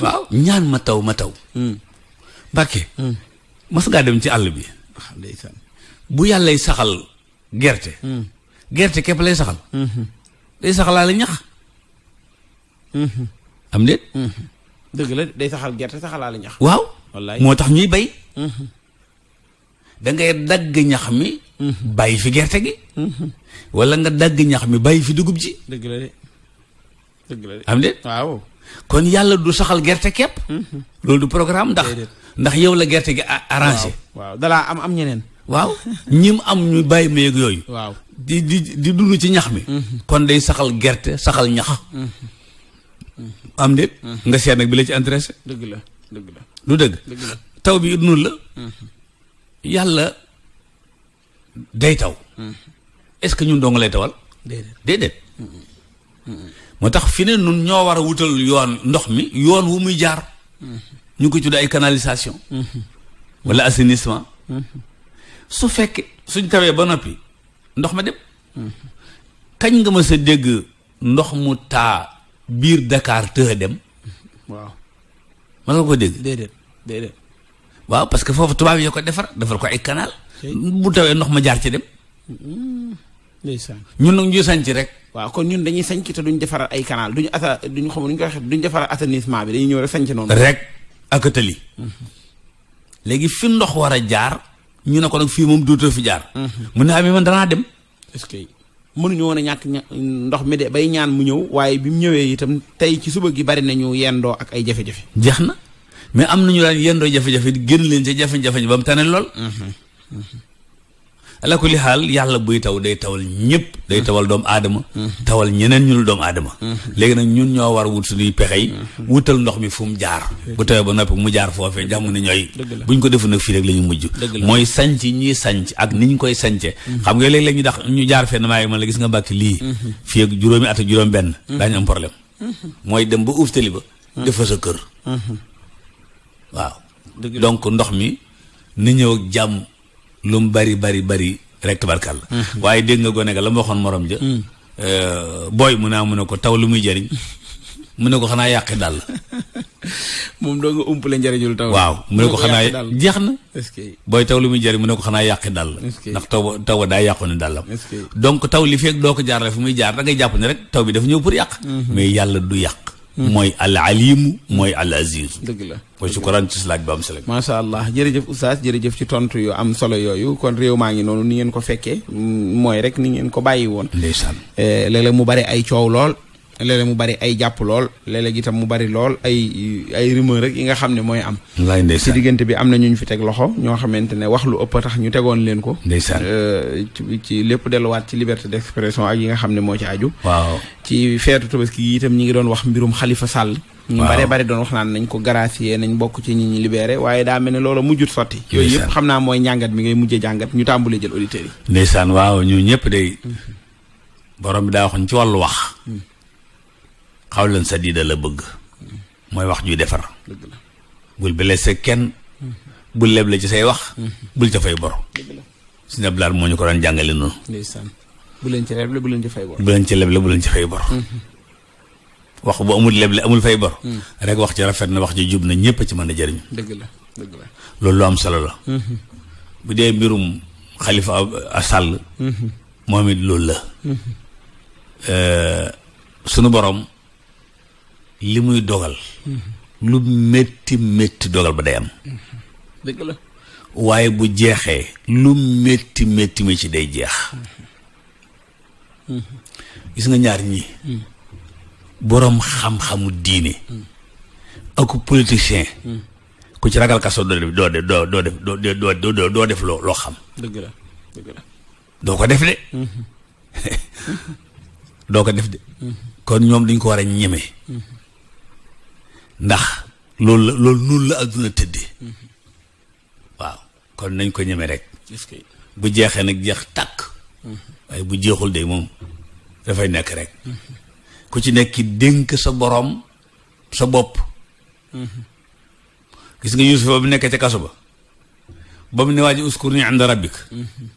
waaw ñaan ma taw ma taw mbàkke mas ngaa dem ci àll bi ah, bu yàllay saxal gerte gerte képp lay saxal mm-hmm. day saxalaale ñax mm-hmm. am déet mm-hmm. dëgg la day saxal gerte saxalaale ñax. waaw wallaay moo tax ñuy bay. Mhm. da ngay dagg ñax mi. Mhm. bàyyi fi gerte gi. Mhm. wala nga dagg ñax mi bàyyi fi dugub ji. dëgg la de kon yàlla du saxal gerte képp. loolu du programme ndax. ndax yow la gerte gi arrangé. waaw dalaa am am ñeneen. waaw ñim am ñu bàyyi meeg yooyu. waaw di di di dund ci ñax mi. kon day saxal gerte saxal ñax. am déet. nga seet nag bi la ci intéressé. dëgg la dëgg la. dëgg. taw bi noonu la. Mm-hmm. yàlla day taw. Mm-hmm. est-ce que ñun dong lay tawal. déedéet déedéet. Mm-hmm. moo tax fi ne nun ñoo war a wutal yoon ndox mi yoon wu muy jaar. ñu ko tudd ay canalisation. wala assainissement. su fekkee suñ tawee ba noppi ndox ma dem. kañ nga ma sa dégg ndox mu taa biir Dakar tëx dem. waaw. mën nga ko dégg. déedéet déedéet. waaw parce que foofu tubaab yoo ko defar defar ko ay kanaal bu tawee ndox ma jaar ci dem. Mm-hmm. ndeysaan ñun nag ñuy sànci rek. waaw kon ñun dañuy sànci te duñ defaral ay canal duñu ata duñu xam duñ ko waxee duñ defaral assainissement bi dañuy ñëw rek sànci noonu. rek ak tali. Mm-hmm. léegi fi ndox war a jaar ñu ne ko nag fii moom dootoo fi jaar. Mm-hmm. mu ne ah man danaa dem. mënuñu woon a ñàkk ndox mi de bay ñaan mu ñëw waaye bi mu ñëwee itam tey ci suba gi bari nañu yendoo ak ay jafe-jafe jeex na mais am nañu daan yendoo jafe-jafe gën leen ca jafe-jafe ba mu tane lool mhm. Mhm. ala kulli xaal yàlla buy taw day tawal ñëpp day tawal doomu aadama tawal ñeneen ñunul doomu aadama léegi nag ñun ñoo war a wut su suñuy pexey wutal ndox mi fu mu jaar bu tawee ba noppi mu jaar foofee jàmm ne ñooy buñ ko defu nag fii rek la ñu mujj mooy sanc ñuy sanc ak ni ñu koy sance xam nga léeg-léeg ñu ñu jaar fenn maa ngi man la gis nga mbàkk lii fii juróomi at juróom benn daañu am mooy dem ba uuf tali ba defa sa waaw ndox mi na ñëw ak lu mu bari bari bari rek tabarkal la mm-hmm. waaye dégg nga gone ga la ma waxoon moroom ja mm. euh, booy mu naa ah, mu ne ko taw lu muy jariñ mu ne ko xanaa yàqi daal moom doo nga umpale njëriñul taw waaw mu ne ko xanaa jeex na booy taw lu muy jëriñ mu ne ko xanaa yàqi daal ndax taw taw ba daa yàqu ne dàllam donc taw li fekk doo ko jaarale fu muy jaar da ngay jàpp ne rek taw bi dafa ñëw pour yàq mm-hmm. mais yàlla du yàq Hmm. mooy al alimu mooy al azir dëgg la mooy sukkuraan ci laaj bu am solo macha allah jërëjëf oustaz jërëjëf ci tontu yu am solo yooyu kon réew maa ngi noonu ni ngeen ko fekkee mooy rek ni ngeen ko bàyyi woon ndeysaan eh, léeg-léeg mu bare ay coow lool léeg mu bari ay jàpp lool léeg itam mu bari lool ay ay rumeur rek yi nga xam ne mooy am ci diggante bi am na ñu ñu fi teg loxo ñoo xamante ne wax lu ëpp tax ñu tegoon leen ko ndeysaan euh, ci lépp delluwaat ci liberté d'expression ak yi nga xam ne moo ci aju waaw ci feetu tabaski yi itam ñi ngi doon wax mbirum Xalifa Sàll ñu doon wax naan nañ ko gracier nañ bokk ci ñi ñi waaye daa mel ne loola mujjut sotti yooyu yëpp xam naa mooy njàngat mi ngay mujjee jàngat ñu tàmbule jël auditeurs yi ndeysaan waaw ñu ñëpp day mm-hmm. borom bi daa waxoon ci wàllu wax mm-hmm. xaw xawlan sa diida la bëgg mooy wax juy defar bul blessé kenn bul leble ci say wax bul ca fay bor suñu ablaar moo ñu ko daan jàngale noonu ndeysaan bu leen ci leble bu leen ci fay bor leen ci leble bu leen ci fay bor wax bu amul leble amul fay bor rek wax ci rafet na wax ci jub na ñëpp ci mën a jariñ dëgg la dëgg loolu lu am solo la mhm. bu dee mbirum xalifa a sàll mhm. moom it loolu la mhm. euh, sunu borom li muy dogal lu métti métti dogal ba day am dëgg la waaye bu jeexee lu métti métti mi ci day jeex gis nga ñaar ñi boroom xam-xamu diine ak politicien ku ci ragal kaso doo def doo def doo def doo def loo loo xam. dëgg la doo ko def mm-hmm. doo ko def de. kon ñoom dañ ko war a ñeme. ndax loolu la loolu noonu la àdduna tëddee waaw kon nañ ko ñeme rek bu jeexee nag jeex tàkk waaye bu jeexul de moom dafay nekk rek ku ci nekk dénk sa boroom sa bopp gis nga yusufa ba mu nekkee ca kaso ba ba mu ne waa ji uskur ni ànd rabbik mhm.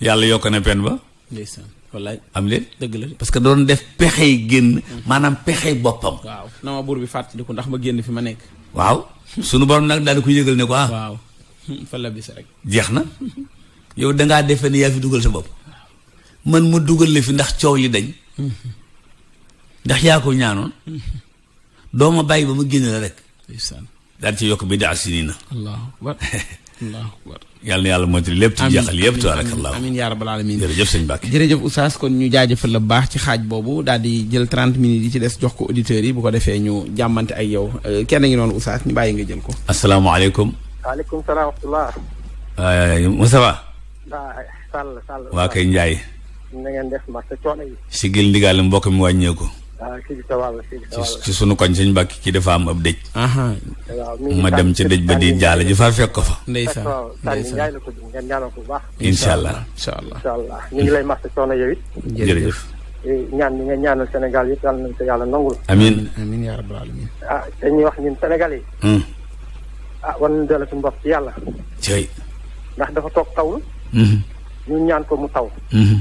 yàlla yokk na pen ba wallaay am leen dëgg la parce que doon def pexey génn maanaam pexey boppam waaw na ma buur bi fàttaliku ndax ma génn fi ma nekk waaw sunu borom nag daal di ko yëgal ne ko ah waaw hmm, fa la jeex na yow dangaa defe ne yaa fi dugal sa bopp man mu dugal la fi ndax coow li dañ ndax yaa ko ñaanoon doo ma bàyyi ba ma génn la rek daal ci yokk bi daal si na yàlla yàlla moytali lépp ci jeexal yëpp tabaarakallah amiin yaa rabbal alamin jërëjëf sëñ Mbacke jërëjëf oustaz kon ñu jaajëfal la baax ci xaaj boobu daal di jël 30 minutes yi ci des jox ko auditeurs yi bu ko defee ñu jàmmante ak yow euh, kenn ngi noonu oustaz ñu bàyyi nga jël ko asalaamaaleykum waaleykum salaam wa rahmatulah Moustapha Sall Sall waa kay Ndiaye na ngeen def ma sa coono yi sigil ndigaale mbokk mi wàññeeku Ah, ci sunu koñ sëñ Mbàkke kii dafa am ab dëj ma dem ca dëj ba di jaala ji faa fekk ko fa ndeysaan ndeysaan insha allah insha allah ñu ngi lay mas soxna yow it jërëjëf eh, ñaan ñi nga ñaanal Sénégal yi yàlla nañ ko yàlla nangul amiin amiin yaa rabbal aalamiin ah dañuy wax ñun Sénégal yi hmm. ah war nañu dellu suñu bopp ci yàlla cëy ndax dafa toog tawul hmm. ñu ñaan ko mu taw hmm.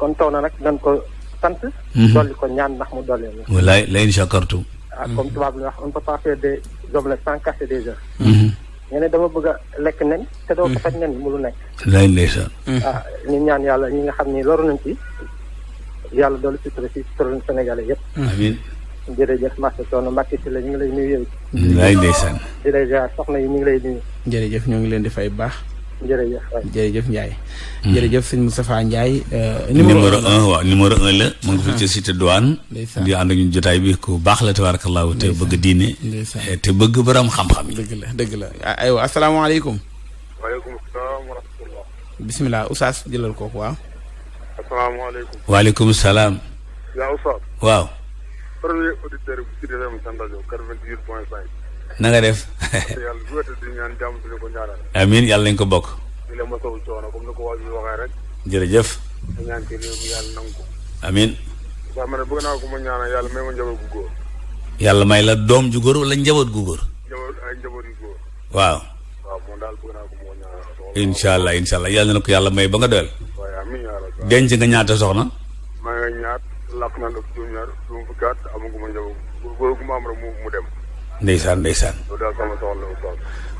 kon taw na nag nan ko sant. Mhm. dolli ko ñaan ndax mu dolli ñu. walaay layin shakartum. Ah, comme mhm. tubaab li wax on ne peut pas faire des omelettes sans casser des œufs. Mhm. ñu ne dama bëgg a lekk nen. te doo ko faj nen mu lu nekk. layin ndeysaan. ah ñu ñaan yàlla ñi nga xam ni loru nañ ci yàlla doolu ci sutura si sutura Sénégalais yëpp. amiin. jërëjëf Massa Soxna Mbacke Sylla ñu ngi lay nuyu yow. layin ndeysaan. jërëjëf soxna yi ñu ngi lay nuyu. jërëjëf ñoo ngi leen di fay baax. jërëjëf jërëjëf Ndiaye. Hmm. jërëjëf sëñ Moustapha Ndiaye. Euh, numéro un waaw numéro un la. mu ngi fi ci ah. cité douane. di ànd ak ñun jotaay bi ku baax la tabaarkallaahu eh, te bëgg diine. te bëgg borom xam-xam yi. dëgg la dëgg la ah, aywa asalaamaaleykum. waaleykum salaam wa rahmatulah. bisimilah Oustaz jëlal kooku waaw. asalaamaaleykum. waaleykum salaam. yaa Oustaz. waaw. premier auditeur bu Sud FM seen rajo 98 point 5. na nga def. amiin yàlla nañ ko bokk. jërëjëf. amiin. yàlla may la doom ju góor wala njaboot gu góor. waaw. incha allah incha allah yàlla na ko yàlla may ba nga doyal. denc nga ñaata soxna. maa ngi ñaat lakk naa la juróom-ñaar juróom fukki at amaguma njaboot góor gu ma am rek mu dem. ndeysaan ndeysaan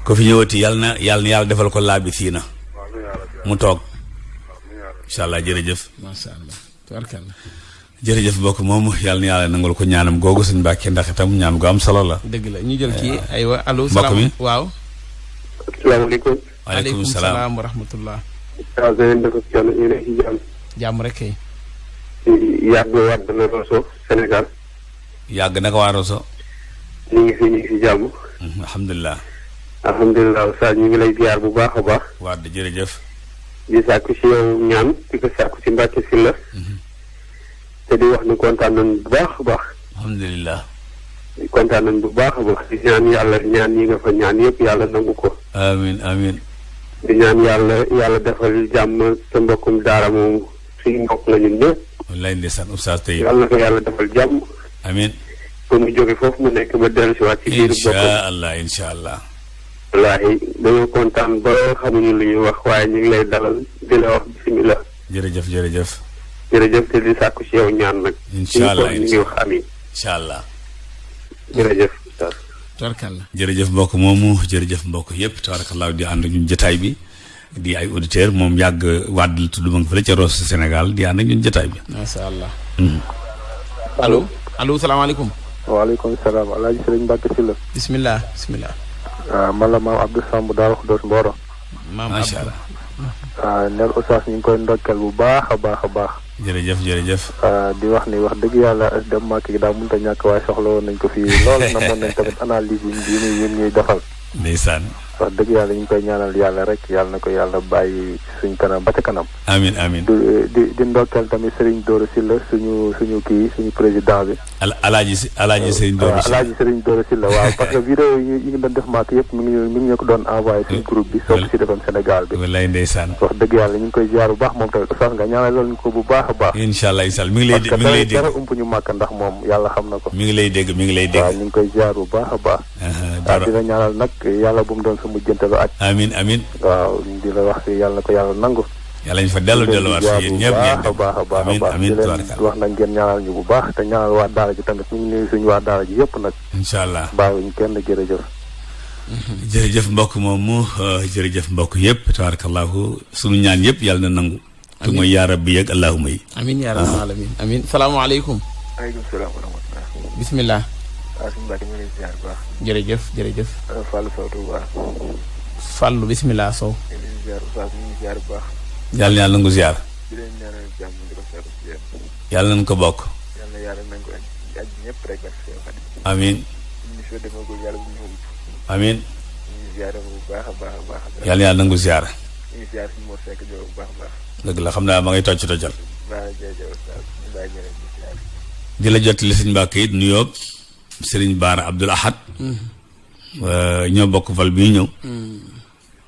ko fi ñëwati yàlla na yàlla na yàlla defal ko laabi siina mu toog incha allah jërëjëf macha allah mbokk moom yàlla na yàlla nangul ko ñaanam googu suñ mbàkkee ndax itam ñaam gu am solo la dëgg la ñu jël kii eh, aywa allo waaw asalaamaaleykum salaam wa rahmatullah jàmm yàgg na roso ko waa roso ñu ngi fi ñu ngi si jàmm. Mhm, alhamdulilah. alhamdulilah Oustaz ñu ngi lay ziar bu baax a baax. waa di jërëjëf. di sàkku si yow ñaan di ko sàkku si Mbàkke Sylla. Mhm. te di wax ni kontaan nañ bu baax a baax. alhamdulilah. nañ bu baax a baax di ñaan yàlla ñaan yi nga fa ñaan yëpp yàlla nangu ko. amiin amiin. di ñaan yàlla yàlla defal jàmm sa mbokkum daara moomu suñu mbokk la ñun ñëpp. wallaay ndeysaan Oustaz tey. yàlla na ko yàlla defal jàmm. amiin. ba mu jóge foofu mu nekk ba dellu si waat ci biiru boppam incha allah incha allah wallaahi dañoo kontaan ba xamuñu lu ñuy wax waaye ñu ngi lay dalal di la wax bisimilah jërëjëf jërëjëf jërëjëf te di sàkku si yow ñaan nag incha allah ñu ngi wax amiin incha allah jërëjëf mbokk moomu jërëjëf mbokk yëpp tabarakallaa di ànd ak ñun jotaay bi di ay auditeur moom yàgg wàdd la tudd ma nga fële ca Rosso Sénégal di ànd ak ñun jotaay bi. macha allah. Hmm. allo allo salaamaaleykum. waaleykum salaam alaaji sëriñ Mbàkke Sylla bisimilah bisimilah waaw ah, man la maam Abdou Samb Daaru Xuddoos Mboro maam macha allah waaw ah, neel oustaz ñu ngi koy ndokkeel bu baax a baax a baax jërëjëf jërëjëf ah, di wax ni wax dëgg yàlla dem màkk gi daa mënut a ñàkk waaye soxla woon nañ ko fii lool namoon nañ tamit analyse yi yi ñuy defal ndeysaan wax dëgg yàlla ñu ngi koy ñaanal yàlla rek yàlla na ko yàlla bàyyi suñ kanam ba ca kanam. amiin amiin di di ndokkeel tamit Serigne Doro Sylla suñu kii suñu président bi. ala alaaji si alaaji Serigne Doro Sylla waaw parce que vidéo yi ñu doon def maak yëpp mi ngi mi ngi ñu ko doon envoyé suñu groupe bi. soog si defam Sénégal bi. wallaay ndeysaan. wax dëgg yàlla ñu ngi koy ziar bu baax moom tamit sax nga ñaanal loolu ñu ko bu baax a baax. incha allah incha allah mi ngi lay dé mi ko. mi ngi lay dégg mi ngi lay dégg. waaw ñu ngi koy ziar bu baax a baax. dara mu doon sa mujjantalu at. amiin amiin. waaw di la wax si yàlla na ko yàlla nangu. yàlla ñu fa dellu delluwaat si yéen ñëpp ngeen baax a baax a baax di leen wax nag ngeen ñaanal ñu bu baax te ñaanal waa daara ji tamit ñu ngi suñu waa daara ji yëpp nag. incha allah bàyyiwuñ kenn jërëjëf. jërëjëf mbokk moomu euh, jërëjëf mbokk yëpp tabarakallahu suñu ñaan yëpp yàlla na nangu. amiin te mooy yaa rabbi yeeg allahuma yi. amiin yaa rabbal bismillah. waaw suñu Mbacke ñu ngi lay ziar bu baax. jërëjëf jërëjëf. Fallou Sow Touba. Fallou bisimilah Sow. ñu ngi lay ziar bu baax bu baax. yàlla na nangu ziar. di leen ñaanal jàmm yàlla nañu ko bokk. yàlla na yàlla nañu ko aj ñëpp rek ak seen xarit. amiin. monsieur bu ñu wut. amiin. baax a a baax. yàlla na yàlla nangu ziar. ñu ngi ziar suñu baax a baax. dëgg la xam naa ma ngay tocc tojal. waaw jërëjëf Oustaz ñu di la jot li suñu mbàkk yi nuyoo sëriñ Baara Abdul Ahad euh, ñoo bokk fal bi ñu ñëw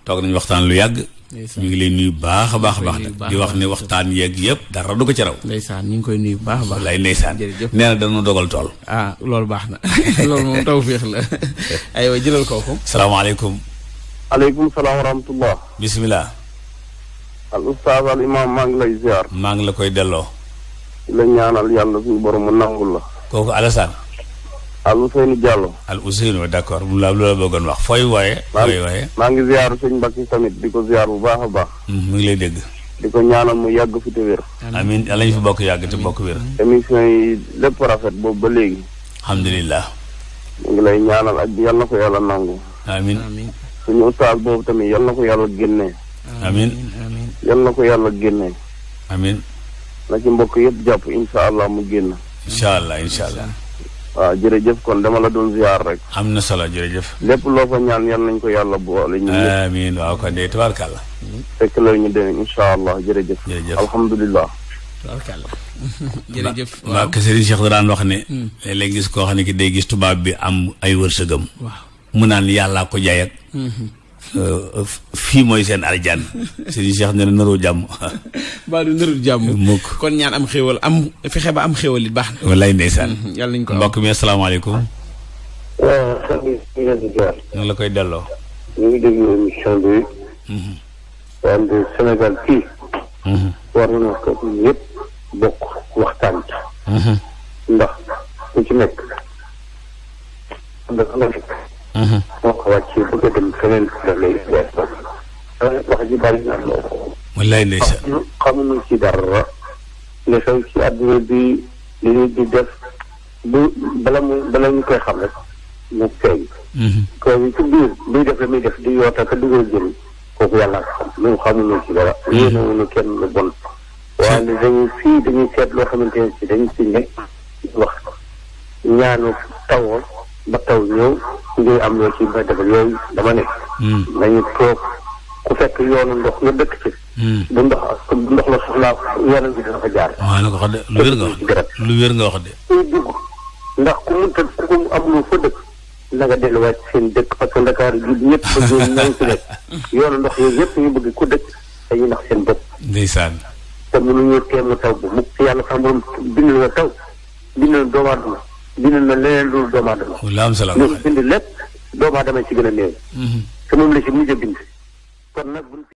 toog nañ waxtaan lu yàgg ñu ngi lay nuyu baax a baax a baax di wax ne waxtaan yeeg yëpp dara du ko ci raw ndeysaan ñu ngi koy nuyu baax a baax lay ndeysaan jërëjëf nee na dana dogal tool ah loolu baax na loolu moom tawféex la aywa jëlal kooku salaamaaleykum aleykum salaam bisimilah al ustaaz al maa ngi lay maa ngi la koy delloo la ñaanal yàlla suñu borom la kooku Alassane al Ousseynou Diallo. al Ousseynou d' accord lu la bëggoon wax fooy wooye. fooy wooye maa ngi ziyaaru sëñ Mbacke tamit di ko ziyaar bu baax a baax. Mm, mu ngi lay dégg. di ko ñaanal mu yàgg fi te wér. amiin yàlla ñu fi bokk yàgg te bokk wér. émission yi lépp rafet boobu ba léegi. alhamdulilah. mu ngi lay ñaanal ak yal ko yàlla nangu. amiin amiin. suñu ustaas boobu tamit yal ko yàlla génnee. amiin amiin. ko yàlla génnee. amiin. na ci mbokk yëpp jàpp incha allah mu génn. incha allah incha allah. waaw jërëjëf kon dama la doon ziar rek. am na solo jërëjëf. lépp loo ko ñaan yal nañ ko yàlla boole. ñu amiin waaw kon de tabaarkàlla. fekk la ñu demee incha allah jërëjëf. jërëjëf alhamdulilah. tabaarkàlla jërëjëf. waaw waaw Serigne Cheikh daan wax ne. Hmm. léeg-léeg gis koo xam ne ki day gis tubaab bi am ay wërsëgam. waaw mu naan yàllaa ko jaay Euh, fii mooy seen aljaan sëriñ Cheikh ne na naroo jàmm baa du narul jàmm mukk kon ñaan am xéewal am fexe ba am xéewal yi baax na mm-hmm, ko mbokk mi asalaamaaleykum nag la koy delloo mm-hmm. mm-hmm. bokk waxtaan ci ndax ku ci nekk moo ko wàccee bëgg a dem feneen daf lay weesoo. wax ji bari na lool. wallaay ndeysaan xamuñu ci dara. li xew ci àdduna bi li ñu di def bu bala mu bala ñu koy xam rek mu feeñ. kooku ci biir buy def la muy def di yoota ka dugal jëm kooku yàlla xam ñun xamuñu ci dara. yéen a wuñu kenn lu bon. waaye dañuy fii dañuy seet loo xamante ne si dañu si nekk ñaanu tawoo. ba taw ñëw ngay am loo ci ba defal yooyu dama ne hmm. nañu toog ku fekk yoonu ndox nga dëkk ci hmm. bu ndox bu ndox la soxlaa yoonal bi dina fa jaar waaw la ko wax de lu wér nga wax de kuy dugg ndax ku mun ta ku ko am lu fa dëkk na nga delluwaat seen dëkk parce que Dakar gi ñëpp ba ñoom ñoo ci nekk yoonu ndox yooyu yëpp ñu bëgg ku dëkk dañuy nax seen bopp ndeysaan te mënuñu teemu taw bu mukk yàlla sax moom bind na taw bind na doomu aadama bind na leneen loolu doomu aadama. wala am salaam bind lépp doomu aadama ci gën a néew. Mhm. te moom la ci mujj a bind. kon nag